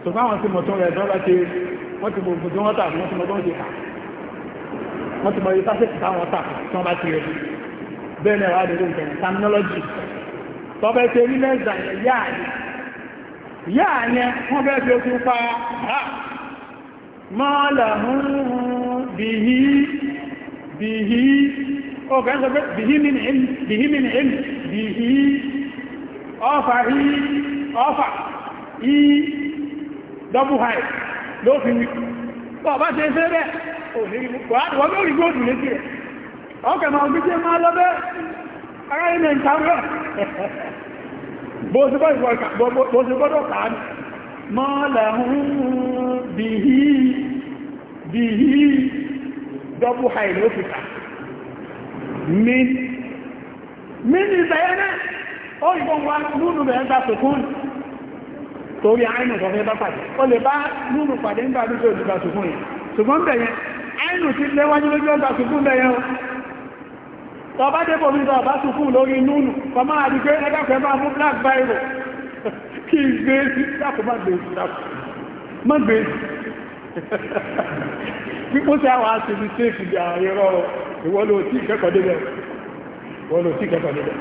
ṣùgbọ́n àwọn tí mọ̀ tó rẹ̀ dọ́lá ṣe wọ́n ti gbogbo tí wọ́n tà wọ́n ti mọ̀ tó ń ṣe kà wọ́n ti mọ̀ yóò sáṣẹ́ kìtà wọn tà tí wọ́n bá ti rẹ̀ bẹ́ẹ̀ ni ẹ̀wà àdéhùn ìgbẹ̀rẹ̀ bí i bìhí ọkà ń sọ pé bìhí mìí ìlú bìhí ọfà rí ọfà ì dọ́bù haì ló fi wí bọ́ bá ṣe ṣe rẹ̀ wọ́n lórí góòdù létí rẹ̀ ọkà máa gbé jẹ́ máa lọ́bẹ́ ara ilẹ̀ ìtàwọ̀ bó ṣe gbọ́dọ̀ kàá mọ́ làhún bìhí bìhí dọ́bù ha ìlú òkúta min min náà ó ìbọn wa lúnu bẹ̀rẹ̀ ta torí tó fẹ́ bá pàdé ó lè bá lúnu pàdé yìí ṣùgbọ́n bẹ̀yẹ ti léwájú lójú bẹ̀yẹ o tọ bá dé bòmí lọ bá sùkún lórí núnù kọ máa rí pé ẹgbẹ́fẹ́ máa mú black bible *laughs* kí gbé sí dákò má gbé sí dákò má gbé *laughs* pípọ́ sí àwọn aṣèlú tèèkì bí àìrọ ìwọ́lò tí ìkẹ́kọ̀ọ́ débẹ̀ wọ́lò tí ìkẹ́kọ̀ọ́ débẹ̀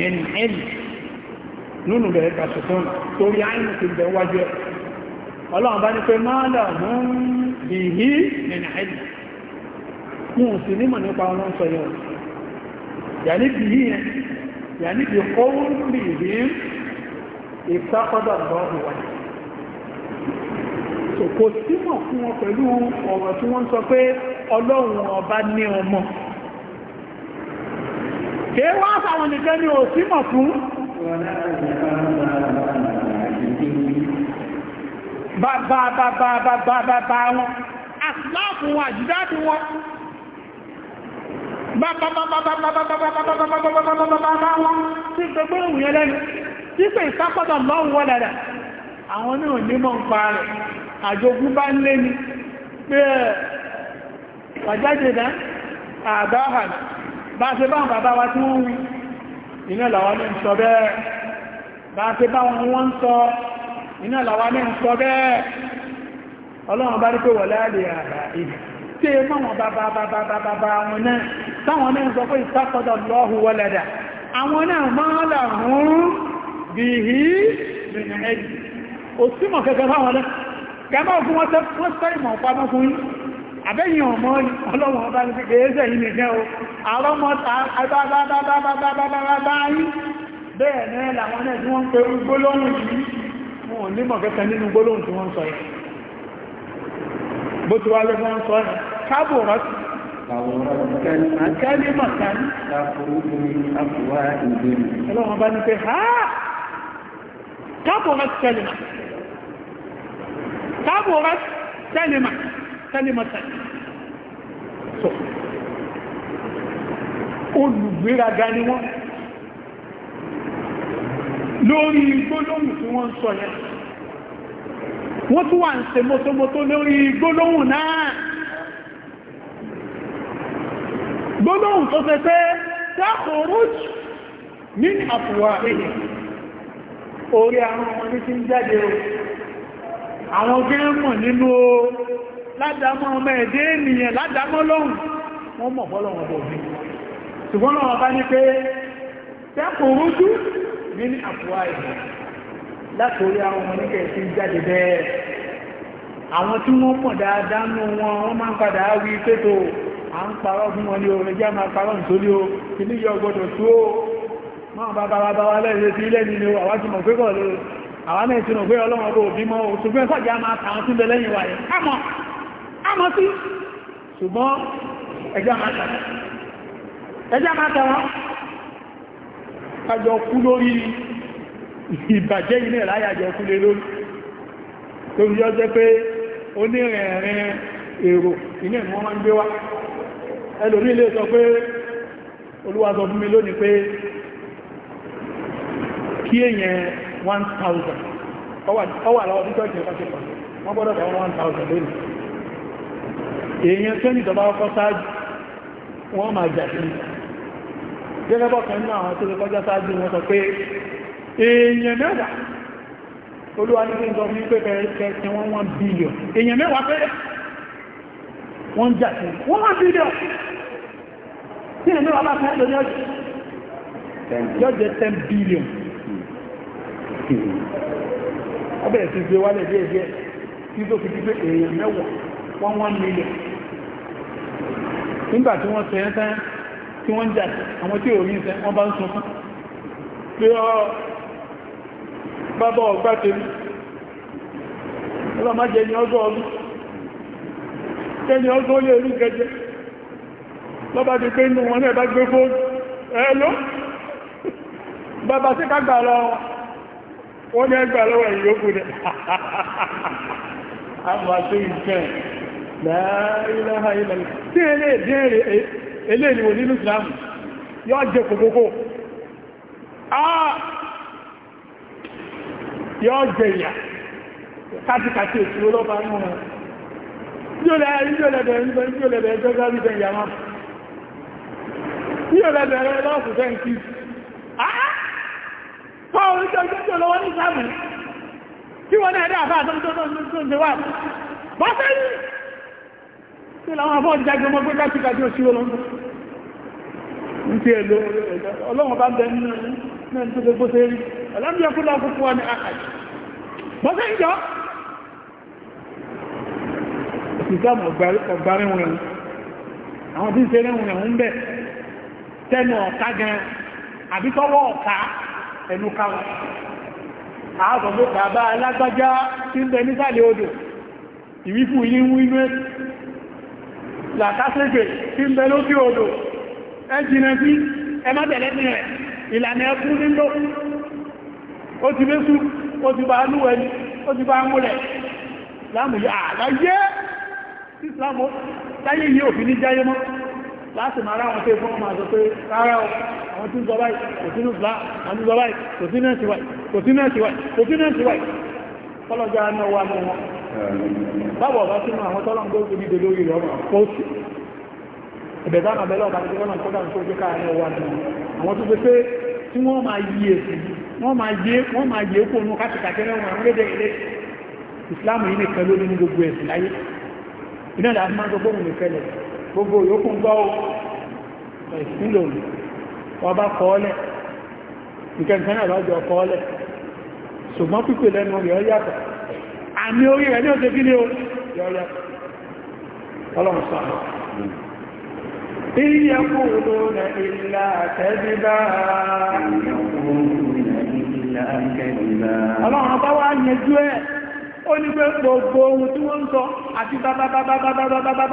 yẹni ẹ̀lì nínú rẹ̀ gbàṣẹ̀tàn torí àìmù ti bẹ̀ wájú ẹ̀ ọlọ́run bá ní pé máàlà mún bí i nínú ẹ̀lì mún sí nímọ̀ nípa wọn sọ yẹn yàní bí i yẹn yàní bí kọ́wọ́n bí kò símọ̀ fún wọn pẹ̀lú ọ̀rọ̀ tí wọ́n sọ pé ọlọ́run ọba ní ọmọ kèé wá sáwọn nìkan ni ò símọ̀ fún bàbàbàbàbàbà wọn àsìláàfún wọn àjídáàdì wọn bàbàbàbàbàbàbàbàbàbàbàbàbàbà wọn tí gbogbo ìwòyẹn lẹ́nu tí pé ìsápọ̀dọ̀ lọ́wọ́ lẹ́rẹ̀ àwọn náà ní mọ́ ń pa rẹ̀ àjogún bá ń lé ní pé ẹ̀ àjájẹ̀dá àbáhàn bá ṣe bá bàbá wa tí wọ́n wí iná làwa ní sọ bẹ́ẹ̀ bá ṣe bá wọn wọ́n sọ iná làwa ní sọ bẹ́ẹ̀ ọlọ́run bá rí pé wọ̀lá lè àbá ìdí kẹmọ́ fún wọ́n tẹ́ ìmọ̀ pamọ́ fún yí àbẹ́yìn ọmọ ọlọ́wọ̀n ọba ní ẹ̀ẹ́sẹ̀ yìí nìkan o àrọ́mọ́ báyìí bẹ́ẹ̀ náà làwọn náà tí wọ́n ń pe gbólóhùn yìí wọn ní mọ̀kẹ́kẹ́ nínú gbólóhùn tí wọ́n sọ yìí bó ti wá lé fún sọ yìí káàbò rọ́tì àkẹ́lé mọ̀kẹ́ni ọlọ́wọ̀n bá ní pé ha káàbò rọ́tì kẹ́lé mọ̀kẹ́ni تعبرت كلمة كلمة olùgbéraga ni wọ́n lórí gbólóhùn tí wọ́n ń sọ yẹn wọ́n tún wà ń ṣe mọ́tọ́mọ́tọ́ lórí gbólóhùn náà gbólóhùn tó fẹ́ fẹ́ dákòrójì ní àpùwà èyí orí àwọn ọmọdé tí ń jáde ohun àwọn gẹ́ẹ̀mọ̀ nínú o ládámọ́ ọmọ ẹ̀dẹ́ ènìyàn ládámọ́ lọ́hùn wọ́n mọ̀ fọ́lọ́wọ́ bọ̀ bí ṣùgbọ́n lọ́wọ́ bá ní pé tẹ́kùn rújú ní ní àpòwà ìbò látòrí àwọn ọmọ níkẹ̀ sí jáde bẹ́ẹ̀ àwọn tí wọ́n mọ̀ dáadáa nú wọn wọ́n máa ń padà wí pétò à ń parọ́ fún wọn ní orin jẹ́ máa parọ́ nítorí o kìí yọ gbọdọ̀ tó máa bá bá àwọn náà ti rògbé ọlọ́wọ́ bó bí mọ́ òṣùgbọ́n sọ́jà máa tàwọn tí ń bẹ lẹ́yìn wáyé àmọ́ àmọ́ sí ṣùgbọ́n ẹjá máa tàwọn ẹjá máa tàwọn àjọ kú lórí ìbàjẹ́ ilé láyàjọ kú lé lórí tó ń yọ́ jẹ́ pé onírìnrìn èrò ilé ìwọ́n máa ń gbé wá ẹlòmí ilé sọ pé olúwa fún mi lónìí pé kí èèyàn 1000 ọwà lọ́wọ́ bí tọ́jú ẹ̀kọ́ ṣe pọ̀ wọ́n gbọ́dọ̀ bá 1000 lónìí èèyàn tó ní ìjọba ọkọ̀ sáájú wọ́n máa jà sí gẹ́gẹ́ bọ́ kan náà tó lè kọjá sáájú wọn sọ pé èèyàn mẹ́wàá olúwa ní kí n sọ fún pé kẹ́kẹ́ wọ́n 1 billion èèyàn mẹ́wàá pẹ́rẹ́ wọ́n jà sí 1 billion tí èèyàn mẹ́wàá bá kẹ́ lónìí ọjọ́ jẹ́ 10 billion kiri ọbẹ̀rẹ̀ gbé wálẹ̀ tí tó fi gbé èèyàn mẹ́wàá 1.1 million nígbà tí wọ́n tẹ́ tí wọ́n jà àwọn tí wọ́n bá ń sun pé ọ bábọ̀ onye gbà lọ́wọ́ ìyókù rẹ̀ àmàtí ìfẹ́ láàrínláha ilẹ̀ tí ilé ìdíẹ̀rẹ̀ ilé ìwò nínú islamu yóò jẹ kòkòkò yóò jẹ ìyà kátìkàtì ìṣòro lọ́pàá mú wọn yóò lẹ́bẹ̀ẹ́ lọ́pùtẹ́ ń kí mọ̀ lọ́wọ́ ní ìsáàmù tí wọ́n náà dá àfáà tó ń ṣe wà bọ́ sẹ́yìn tí làwọn afọ́ ìjágbé mọ́ pé láti kàjí òṣì olóńgbò ń tí èlò ọlọ́wọ́n bá ń bẹ nínú ẹni tó gbogbo ṣe rí ọlọ́mìyàn kúrò àkókò wọn ni àkàjì bọ́ sẹ́yìn jọ ìsáàmù ọgbàrin wọn àwọn tí ń ṣe rẹ̀wọ̀n ẹ̀hún bẹ̀ tẹnu ọ̀ká gan àbí tọwọ́ ọ̀ká ẹnu káwọn ààbọ̀ mọ́ bàbá alágbájá tí ń bẹ nísàlẹ̀ odò ìwífù ilé ń wínú làkásẹ́gbẹ̀ tí ń bẹ lókè odò ẹjìnà sí ẹmọ́tẹ̀lẹ́sìn rẹ̀ ìlànà ẹkùn nílò ó ti bẹ́sù ó ti bá lúwẹ̀ ní ó ti láti máa ráwọn tó fún ọmọ àjọ pé rárá o àwọn tí ń zọba kò sínú ìlà àwọn ìzọba kò sínú ẹ̀sìwà kò sínú ẹ̀sìwà kò sínú ẹ̀sìwà kọlọjá ní ọwọ́ àmì wọn bábọ̀ bá sínú àwọn tọ́lọ́n tó ti dìde lórí ọmọ kóòsì ẹ̀bẹ̀ bá máa bẹ̀lọ́ àti ọmọ tó dáa tó jẹ́ káà ní ọwọ́ àmì wọn àwọn tó fi pé tí wọ́n máa yí èsì wọ́n máa yé wọ́n gbogbo yóò gbọ́ ìsìnlò ọba kọ́ọ́lẹ̀ ìkẹ̀kẹ́ náà lọ́jọ́ kọ́ọ́lẹ̀ ṣùgbọ́n pípẹ̀ lẹ́nu rẹ̀ yàtọ̀ àmì orí rẹ̀ ní ọjọ́ gílé ọlọ́run sọ̀rọ̀ ó ní pé gbogbo ohun tí wọ́n ń sọ àti bàbàbàbàbàbàbàbàbàbàbà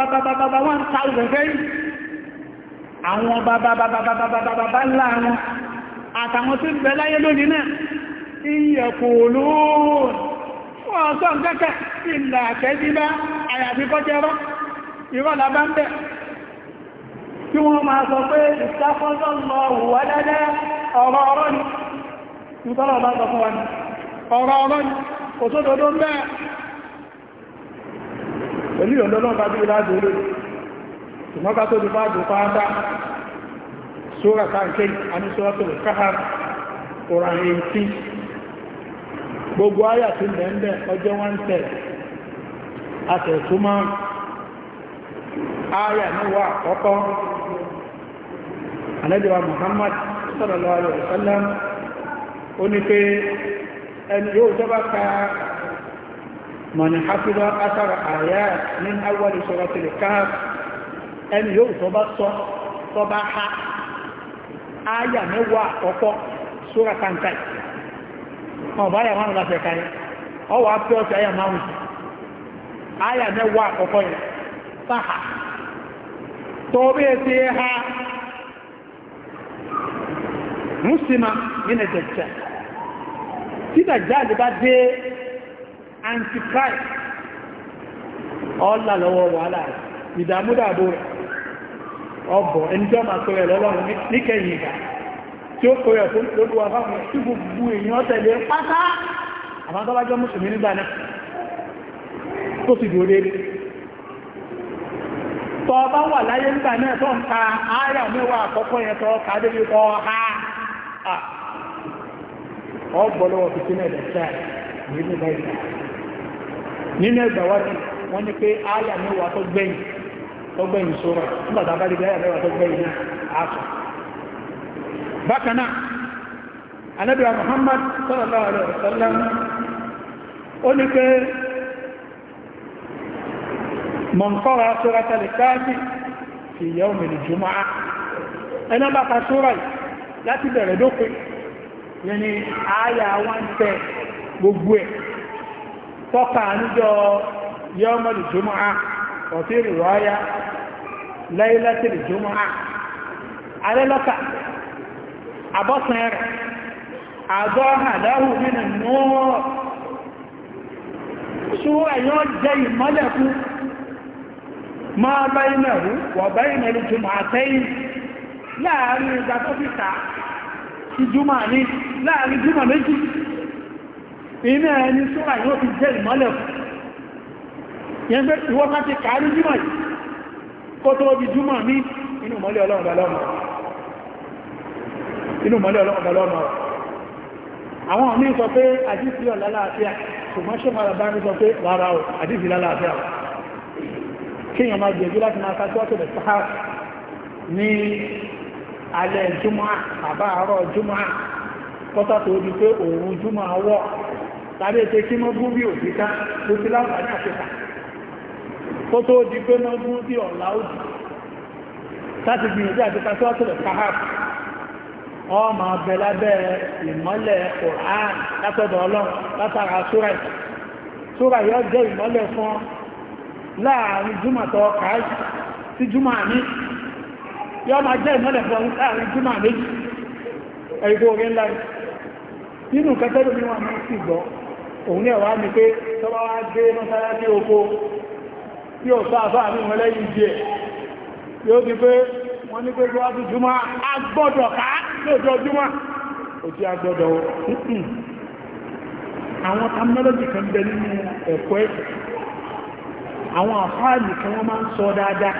kò tó dodo ń bẹ́ẹ̀ pẹ̀lú ìyọ̀ndọ́ náà bá dúró láti orí ṣùgbọ́n káàkiri tí gbogbo ayà ọjọ́ tẹ̀ ayà níwà Muhammad sallallahu alaihi wasallam ẹni yóò jọba ka mọ̀nì hafiza asara àyà ní awọ́lì sọ̀rọ̀ tìlẹ̀ káàf ẹni yóò tọba sọ tọba ha áyà mẹ́wàá àkọ́kọ́ sóra kankai ọba àyà ya láti ẹ̀ka yẹn ọwọ́ apẹ́ ọ̀sẹ̀ àyà márùn áyà mẹ́wàá àkọ́kọ́ yẹn sáhà tọ́bí ha mùsùlùmá nínú ẹ̀jẹ̀ títà jáde bá dé antichrist ọ̀là lọ́wọ́ wàhálà ìdàmúdàbò rẹ̀ ọbọ̀ ẹni tí ó máa lọ́wọ́ níkẹyìn ìgbà tí ó kọ̀rọ̀ tó lóluwà fáwọn tí gbogbo èèyàn tẹ̀lé pátá mùsùlùmí ọgbọ̀lọ́wọ́ fìtí náà dẹ̀ta nínú báyìí nínú ẹgbà wá sí wọ́n ní pé áyà mẹ́wàá tó gbẹ̀yìn tó gbẹ̀yìn sọ́rọ̀ nígbàtà bá dìgbà áyà mẹ́wàá tó gbẹ̀yìn náà àásù bákan náà anábíà Muhammad sallallahu alaihi wasallam ó ní pé mọ̀nkọ́ra sọ́rọ̀ tàbí káàkiri fi yawm al-jumu'ah ẹ̀nà bá ka sọ́rọ̀ láti bẹ̀rẹ̀ dópin ní àyà wọn tẹ̀ gbogbo ẹ̀ tọ́ka níjọ́ yọ́mọ̀lù jùmọ̀ á ọ̀tí ìrìwáyá lẹ́yìnlẹ́tìrì jùmọ̀ á alẹ́lọ́ka àbọ́sàn rẹ̀ àgọ́ àdáhù nínú mọ́ọ̀ ṣúra yọ́ jẹ́ ìmọ́lẹ̀ fún máa báyìí mẹ́rù wọ̀ báyìí mẹ́rù jùmọ̀ àtẹ́yìn láàárín ìgbà tó fi ta sí júmà ní láàrin júmà méjì iná ẹni súra yóò fi jẹ́ ìmọ́lẹ̀ yẹn pé ìwọ́n ká ti kàárí júmà yìí kó tó bí júmà ní inú mọ́lẹ̀ ọlọ́ọ̀dọ̀lọ́mọ̀ àwọn ọ̀mí sọ pé àdísí ọ̀lálàáfíà ṣùgbọ́n ṣe fara bá ní sọ pé rárá o àdísí lálàáfíà kíyàn máa gbẹ̀gbẹ̀ láti máa ká tí wọ́n tó alẹ́ júmọ́ àbá àárọ̀ júmọ́ kọ́tà tó di pé òun júmọ́ wọ̀ tàbí ètò kí mọ́ gún bí òbí ká tó ti láǹfààní àṣekà kó tó di pé mọ́ gún bí ọ̀la òdì láti gbìyànjú àti pàṣẹ́wàtò káhàb ọmọ ọbẹ̀ lábẹ́ ìmọ́lẹ̀ Qur'an látọ̀dọ̀ ọlọ́run látara súra súra yọ jẹ́ ìmọ́lẹ̀ fún láàrin júmọ̀ tó kàá sí júmọ̀ àmì yọ máa jẹ́ ìmọ́lẹ̀ fún láàrin jímà méjì ẹgbẹ́ orí ńlá nínú kẹtẹ́lú ní wọn máa sì gbọ́ òun ẹ̀wà ní pé tọ́bá oko tí ní di pé wọ́n ní pé wọ́n ti júmọ́ agbọ́dọ̀ ká lóòjọ́ àwọn terminology kan wọ́n máa ń sọ dáadáa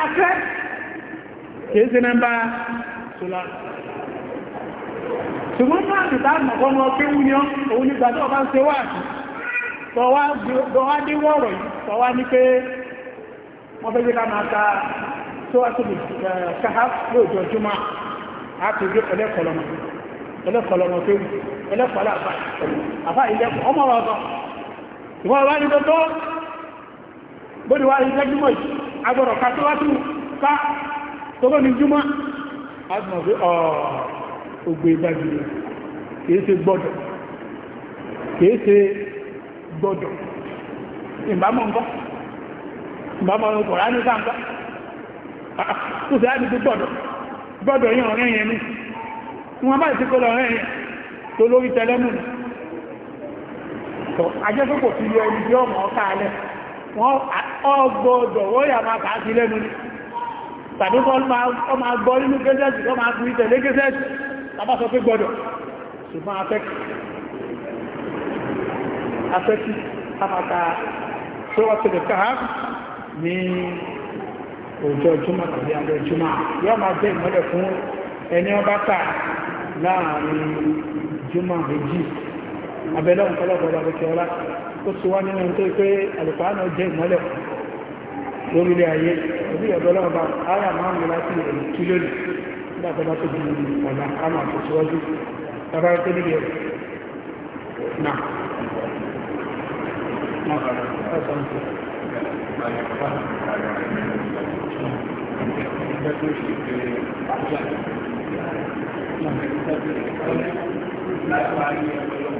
afẹ́ kìí sí nẹ́mbà ṣùlá ṣùgbọ́n náà ti tá mọ́ pé wú òun nígbà tó bá ń ṣe wà sí tọ́wá dé wọ́rọ̀ yìí ní pé wọ́n fẹ́ gbéra máa ta eh, tó àtúbù káhá lójoojúmọ́ àtúbù ẹlẹ́kọ̀ọ́lọ́mọ́ ẹlẹ́kọ̀ọ́lọ́mọ́ kan agbọ́dọ̀ ká tó látú ká tó bọ́ ní júmọ́ agbọ̀n pé ọ̀gbé ìgbàgbìyàn kìí ṣe gbọ́dọ̀ kìí ṣe gbọ́dọ̀ ìbámọ́ nǹkan ìbámọ́ ọkọ̀rá ní sáǹkà tó ah, sì láti gbọ́dọ̀ gbọ́dọ̀ yẹn ọ̀rẹ́ yẹn ní wọ́n ọgbọ́dọ̀ wọ́n yà máa kàá sí lẹ́nu tàbí wọ́n ma gbọ́ nínú gẹ́sẹ̀sì wọ́n máa fi tẹ̀lé gẹ́sẹ̀sì tàbá sọ pé gbọ́dọ̀ ṣùgbọ́n afẹ́kì àmàkà sọ́wọ́sẹ̀lẹ̀ káà ọjọ́ jùmọ̀ tàbí alẹ́ fún ó ti wá nínú tó pé alùpàánà jẹ́ ìmọ́lẹ̀ lórílẹ̀ ayé òbí ọ̀dọ́lọ́ọ̀bá ara máa ń mú láti ìrìn kí lónìí nígbàtọ́bá tó bí ọ̀nà àmà àtẹ̀síwájú tàbá tó níbi ẹ̀rọ náà Thank you.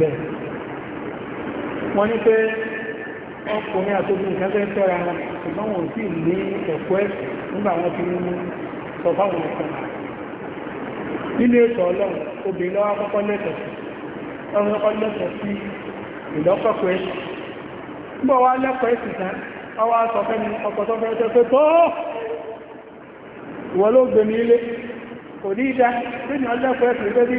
bẹ́ẹ̀ wọ́n ní pé ọkùnrin àtòbí nǹkan tẹ́ tẹ́ra wọn ṣùgbọ́n wọn sì ní ẹ̀kọ́ ẹ̀sìn nígbà wọn ti mú sọ fáwọn ọ̀kan nínú ètò ọlọ́run obìnrin lọ́wọ́ kọ́kọ́ lẹ́tọ̀ọ́ ọmọ kọ́kọ́ lẹ́tọ̀ọ́ sí ìlọ́kọ̀kọ̀ ẹ̀sìn nígbà wá lẹ́kọ̀ọ́ ẹ̀sìn tán ọwọ́ sọ fẹ́ni ọkọ̀ tó fẹ́ tẹ́ pé tó ìwọ ló gbẹ̀mí ilé kò ní ìdá tí ni ọlẹ́kọ̀ọ́ ẹ̀sìn lórí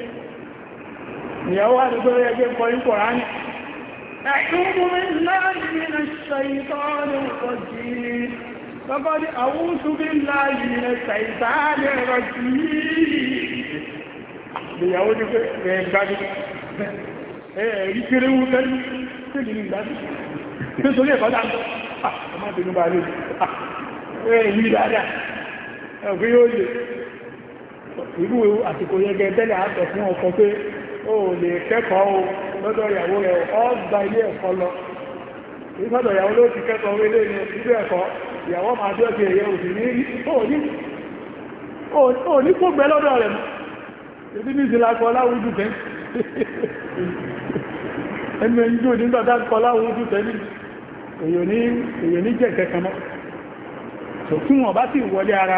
ìyàwó wà lójú rẹ̀ gbé kọrí kòránì Lọ́kọ́dí àwọn òṣùgbé láàyè rẹ̀ ṣàìsáàlẹ̀ ẹ̀rọ sí ìyàwó ní rẹ̀ gbájú. Ẹ̀rí kéré wú tẹ́lú tí ìlú ìgbájú. Tí ó sórí ẹ̀kọ́dá ọmọdé bá lè ẹ̀rí dáadáa. Ẹ̀rí yóò lè. Ìlú àtìkò yẹgẹ tẹ́lẹ̀ àtọ̀ fún ọkọ̀ pé o lè kẹ́kọ̀ọ́ o lọ́dọ̀ ìyàwó rẹ̀ ọ́ gba ilé ẹ̀kọ́ lọ ìfọ́dọ̀ ìyàwó ló ti kẹ́kọ̀ọ́ orí ilé ilé ẹ̀kọ́ ìyàwó máa bí ọ̀sẹ̀ èyẹ òsì ní òní kó gbẹ lọ́dọ̀ rẹ̀ ìdí ní ìsìlá kọ láwùjú tẹ́ ẹnu *laughs* ẹni jò nígbà tá kọ láwùjú tẹ́ ní èyàn ní jẹ́ kẹ́kẹ́ mọ́ tó kí wọn bá sì wọlé ara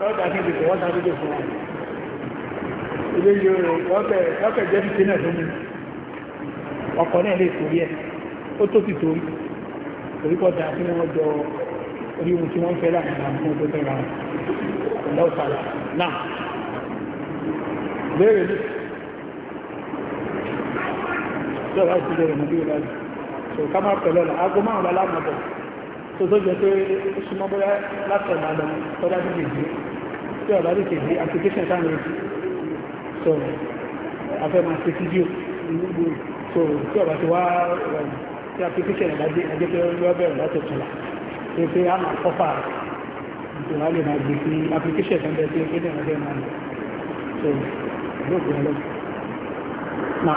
lọ́dà kejì kò wọ́n sáré fún wa ilé yóò lọ́kẹ̀ jẹ́ ti tẹ́lẹ̀ fún mi ọkọ̀ náà lè torí ẹ̀ ó tó ti torí torí kọ́ da kí wọ́n jọ orí ohun tí wọ́n fẹ́ láàrin àwọn ọdún tó ra lọ́sàlá náà béèrè ní ìjọba ìjọba ìmọ̀ bí ìlàjì tó ká máa pẹ̀lọ́ là ágbó márùn-ún lálámọ̀bọ̀ tó tó jẹ́ pé ó súnmọ́ bóyá látọ̀ tí ọ̀bá lè tẹ̀lé application táwọn èdè so afẹ́ máa ṣe fídíò nígbò so tí ọ̀bá ti wá tí application ìdájé ajẹ́pẹ́ lọ́bẹ̀rẹ̀ láti ọ̀tọ̀lá pé pé a máa kọ́fà ìtura lè máa gbé sí application tó ń bẹ sí ẹgbẹ́ náà máa lọ so ìlú òkú ọlọ́pù náà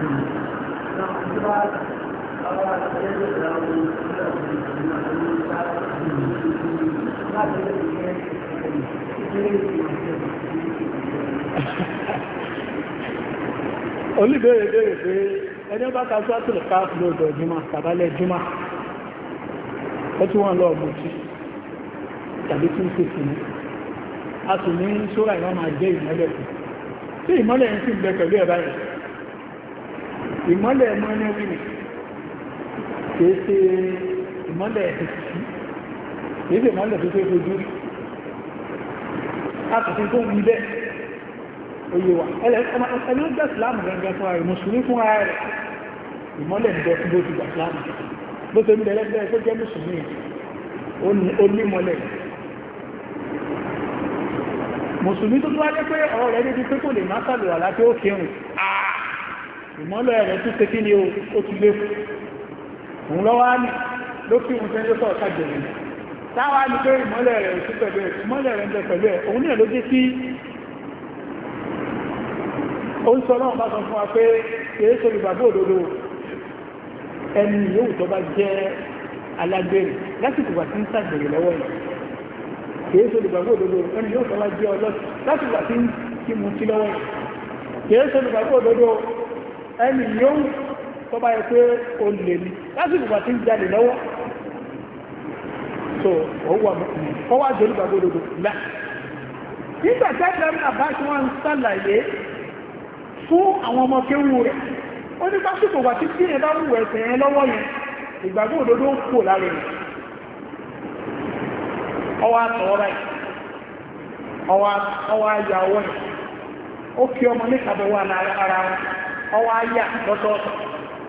Thank you. *laughs* olùbẹ̀rẹ̀ bẹ̀rẹ̀ pé ẹni bá ta sọ́tò lè ká lóòdọ̀ jùmọ̀ tàbálẹ̀ jùmọ̀ ó tí wọ́n lọ ọ̀gbọ̀tí tàbí tí ń pè fún ní a sì ní sóra ìwọ́n máa jẹ́ ìmọ́lẹ̀ tí ìmọ́lẹ̀ ń sì gbẹ pẹ̀lú ẹ̀bá ìmọ́lẹ̀ mọ́nẹ́wì ni kìí ṣe ìmọ́lẹ̀ ẹ̀sì kìí ṣe ìmọ́lẹ̀ tó tó fojú rí látùsí tó wí bẹ́ oye wà ẹni ó gbẹ́ ìsìlámù gẹ́gẹ́ fún ààrẹ mùsùlùmí fún ààrẹ ìmọ́lẹ̀ ń bẹ fún bó ti gbà ìsìlámù bó ṣe ń bẹ lẹ́gbẹ́ tó jẹ́ mùsùlùmí ó ní mọ́lẹ̀ mùsùlùmí tó wáyé pé ọ̀rọ̀ rẹ̀ débi pé lè má sàlùwà láti ó kírun àà ìmọ́lẹ̀ rẹ̀ tún ṣe kí ni ó ti lé fún lọ́wọ́ ní ló fi ìrùn tẹ́jọ́ sọ̀rọ̀ kájẹ̀rẹ̀ táwa ní pé ìmọ́lẹ̀ rẹ̀ sí pẹ̀lú ẹ̀ ìmọ́lẹ̀ rẹ̀ ń bẹ pẹ̀lú ẹ̀ òun náà ló dé sí ó ń sọ náà bá sọ fún wa pé kìí ṣe ìgbàgbọ́ òdodo ẹni yóò tó bá jẹ́ alágbèrè lásìkò wà tí ń ṣàgbèrè lọ́wọ́ yìí kìí ṣe ìgbàgbọ́ òdodo ẹni yóò tó bá jẹ́ ọlọ́sìn lásìkò wà tí ń mú sí lọ́wọ́ yìí kìí ṣe òdodo ẹni yóò tó bá yẹ pé o lè ní lásìkò bá ti ń lọ́wọ́ so ọwọ́ ọwọ́ àjọlù bàbá là nígbà tí àjọlù tí wọ́n ń sàlàyé fún àwọn ọmọ kéwù rẹ̀ ó ní lásìkò bá ti kí bá wù yẹn lọ́wọ́ yẹn ìgbàgbọ́ ń lára rẹ̀ ọwọ́ ọwọ́ ayà lọ́tọ̀ọ̀tọ̀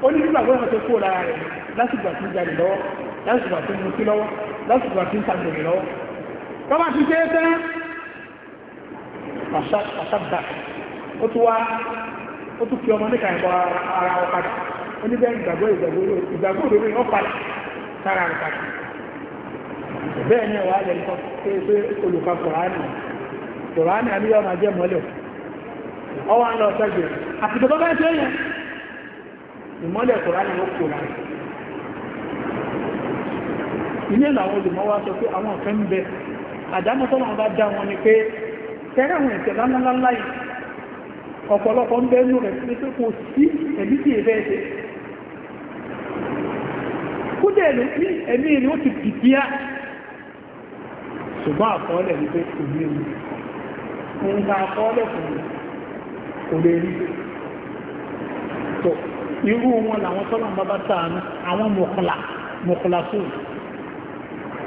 ó ní nígbà gbọ́dọ̀ tó kúrò lára rẹ̀ lásìgbà tó ń jalè lọ́wọ́ lásìgbà tó ń mutí lọ́wọ́ lásìgbà tó ń sàgbèrè lọ́wọ́ tọ́ba ti ṣe é tẹ́ àṣàbà ó tún wá ó tún fi ọmọ níka ẹ̀kọ́ ara wọn padà ó ní bẹ́ẹ̀ ìgbàgbọ́ ìgbàgbọ́ òdòdó yìí ó padà sára rẹ̀ padà bẹ́ẹ̀ ni ẹ̀wà lẹ́nu kọ́ pé olùkọ́ kòránì kòránì àníyàn máa jẹ́ mọ́lẹ̀ ọwọ́ àlọ́ ọ̀tẹ́gbẹ̀ àti tó bá ṣe yẹn ìmọ́lẹ̀ kòránì ó kò láì ilé làwọn olùmọ́wá sọ pé àwọn ọ̀fẹ́ ń bẹ dá wọn ni pé tẹ́rẹ̀ àwọn ńláńlá yìí ọ̀pọ̀lọpọ̀ ń rẹ̀ sí pé kò sí ẹ̀mí kúdẹ̀ ló ní ẹ̀mí ni ó ti ṣùgbọ́n àkọọ́lẹ̀ pé kò ní kò lè rí tó irú wọn làwọn tọ́lọ̀ bàbá tààmù àwọn mọ̀kànlá mọ̀kànlá sí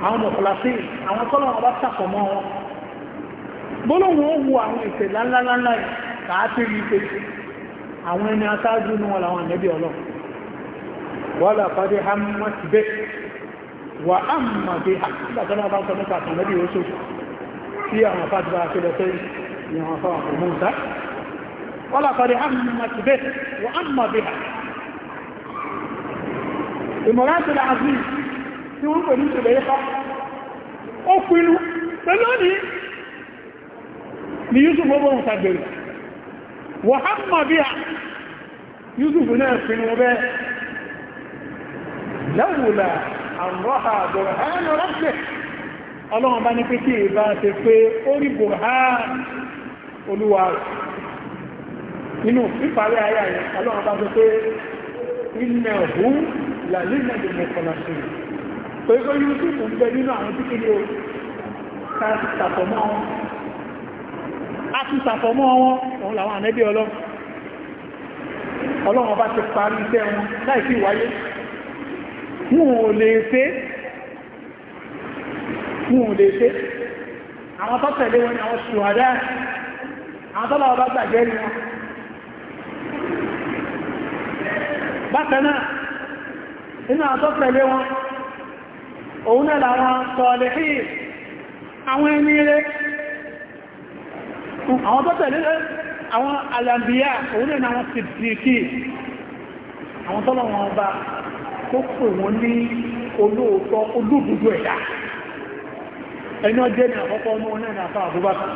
àwọn mọ̀kànlá sí àwọn tọ́lọ̀ bàbá tàpọ̀ mọ́ wọn gbólóhùn ó wu àwọn ìpè lálálálá kàátì rí pé àwọn ẹni aṣáájú ní wọn làwọn ànẹ́bí ọlọ́ wọ́lá fàdé hamad bẹ́ẹ̀ wà á mà bí i àkíkà tọ́lá bá sọ nípa ولقد همت به وأما بها المراد العزيز tí wọ́n pẹ̀lú ìṣẹ̀lẹ̀ yíká ó pinnu pẹ̀lú ní ni Yusuf ọgbọ̀n ìsàgbèrè wọ̀hánmà bí a Yusuf náà pinnu ọbẹ̀ lẹ́wùlà àmọ́ha bọ̀rọ̀hánà inú píparí ayá yẹn ọlọ́run bá sọ pé ilẹ̀ ọ̀hún làlílẹ̀ ìdìbò kọ̀nà sí i pé ó yú sí ìpò ń bẹ nínú àwọn tí kìí o ká ti sàfọ̀mọ́ wọn a ti sàfọ̀mọ́ wọn òun làwọn ànẹ́bí ọlọ́run ọlọ́run bá ti parí iṣẹ́ wọn láì sí ìwáyé wọn ò lè ṣe wọn ò lè ṣe àwọn tó wọn ni àwọn ṣùhàdá àwọn tó bá gbàgbé ni wọn bákanáà inú àtọ́pẹ̀lé wọn òun náà làwọn sọ̀lẹ̀hì àwọn ẹni rẹ̀ àwọn tọ́pẹ̀lé àwọn alàmbíyà òun náà àwọn sìtìkì àwọn tọ́lọ̀ wọn ọba tó pè wọ́n ní olóòtọ́ olóòdúdó ẹ̀dá ẹni ọjẹ́ ní àkọ́kọ́ ọmọ náà àbúbákan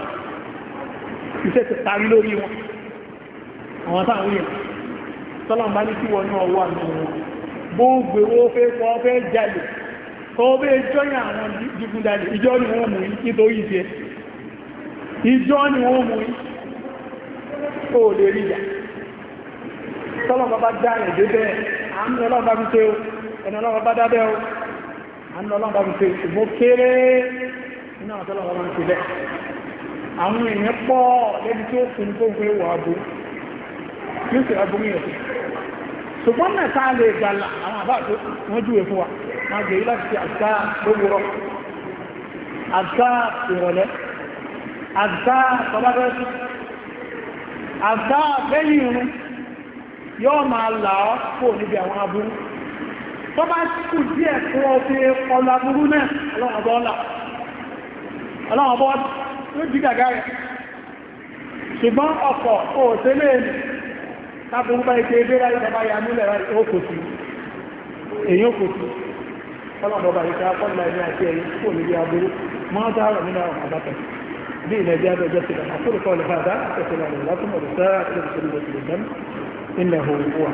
iṣẹ́ ti parí lórí wọn àwọn táwọn tọ́lọ̀mbá ní kí wọ́n náà wà ní wọn bó gbèrò fẹ́ fọ́ fẹ́ jalè tọ́wọ́ bẹ́ jọ́yìn àwọn jìgúndalè ìjọ́ ni wọ́n mú nítorí ìṣẹ́ ìjọ́ ni wọ́n mú ó lè rí ìyà tọ́lọ̀mbá bá dá ẹ̀ débẹ̀ àánú ọlọ́mbá fi ṣe ẹni ọlọ́mbá bá dábẹ́ o àánú ọlọ́mbá fi ṣe ṣùgbọ́n kéré iná àwọn èèyàn pọ̀ tí ó fún tó ń wà á yóò ṣe aburú yẹn ṣùgbọ́n náà tá a lè gbà là àwọn àbá àti wọ́n júwe fún wa wọ́n á gbèyí láti ṣe àṣà lówùrọ̀ àṣà ìrọ̀lẹ́ àṣà tọ́lábẹ́sì àṣà bẹ́yìn irun yóò máa là ọ́ kó níbi àwọn aburú tó bá kù díẹ̀ fún ọ fi ọlọ náà ọlọ́wọ́ ọlá ọlọ́wọ́ bọ́ ó gàgá rẹ̀ ṣùgbọ́n ọkọ̀ òṣèlè tábùrú bá ike ebé láì tẹ́bá ya múlẹ̀ ráì ó kò sí èyí ó kò sí ọlọ́mọba ìta akọ́lá ẹni àti ẹ̀yìn kò ní bí aburú máa dáhùn nínú àwọn àbátan bí ilẹ̀ bí abẹ́jọ́ ti dà àkúrò kọ́ lè fàdá àtẹ̀sẹ̀ lọ́wọ́ látúmọ̀ lè sáà àti ìṣẹ̀lẹ̀ lè tìlẹ̀ dán ilẹ̀ òwúwà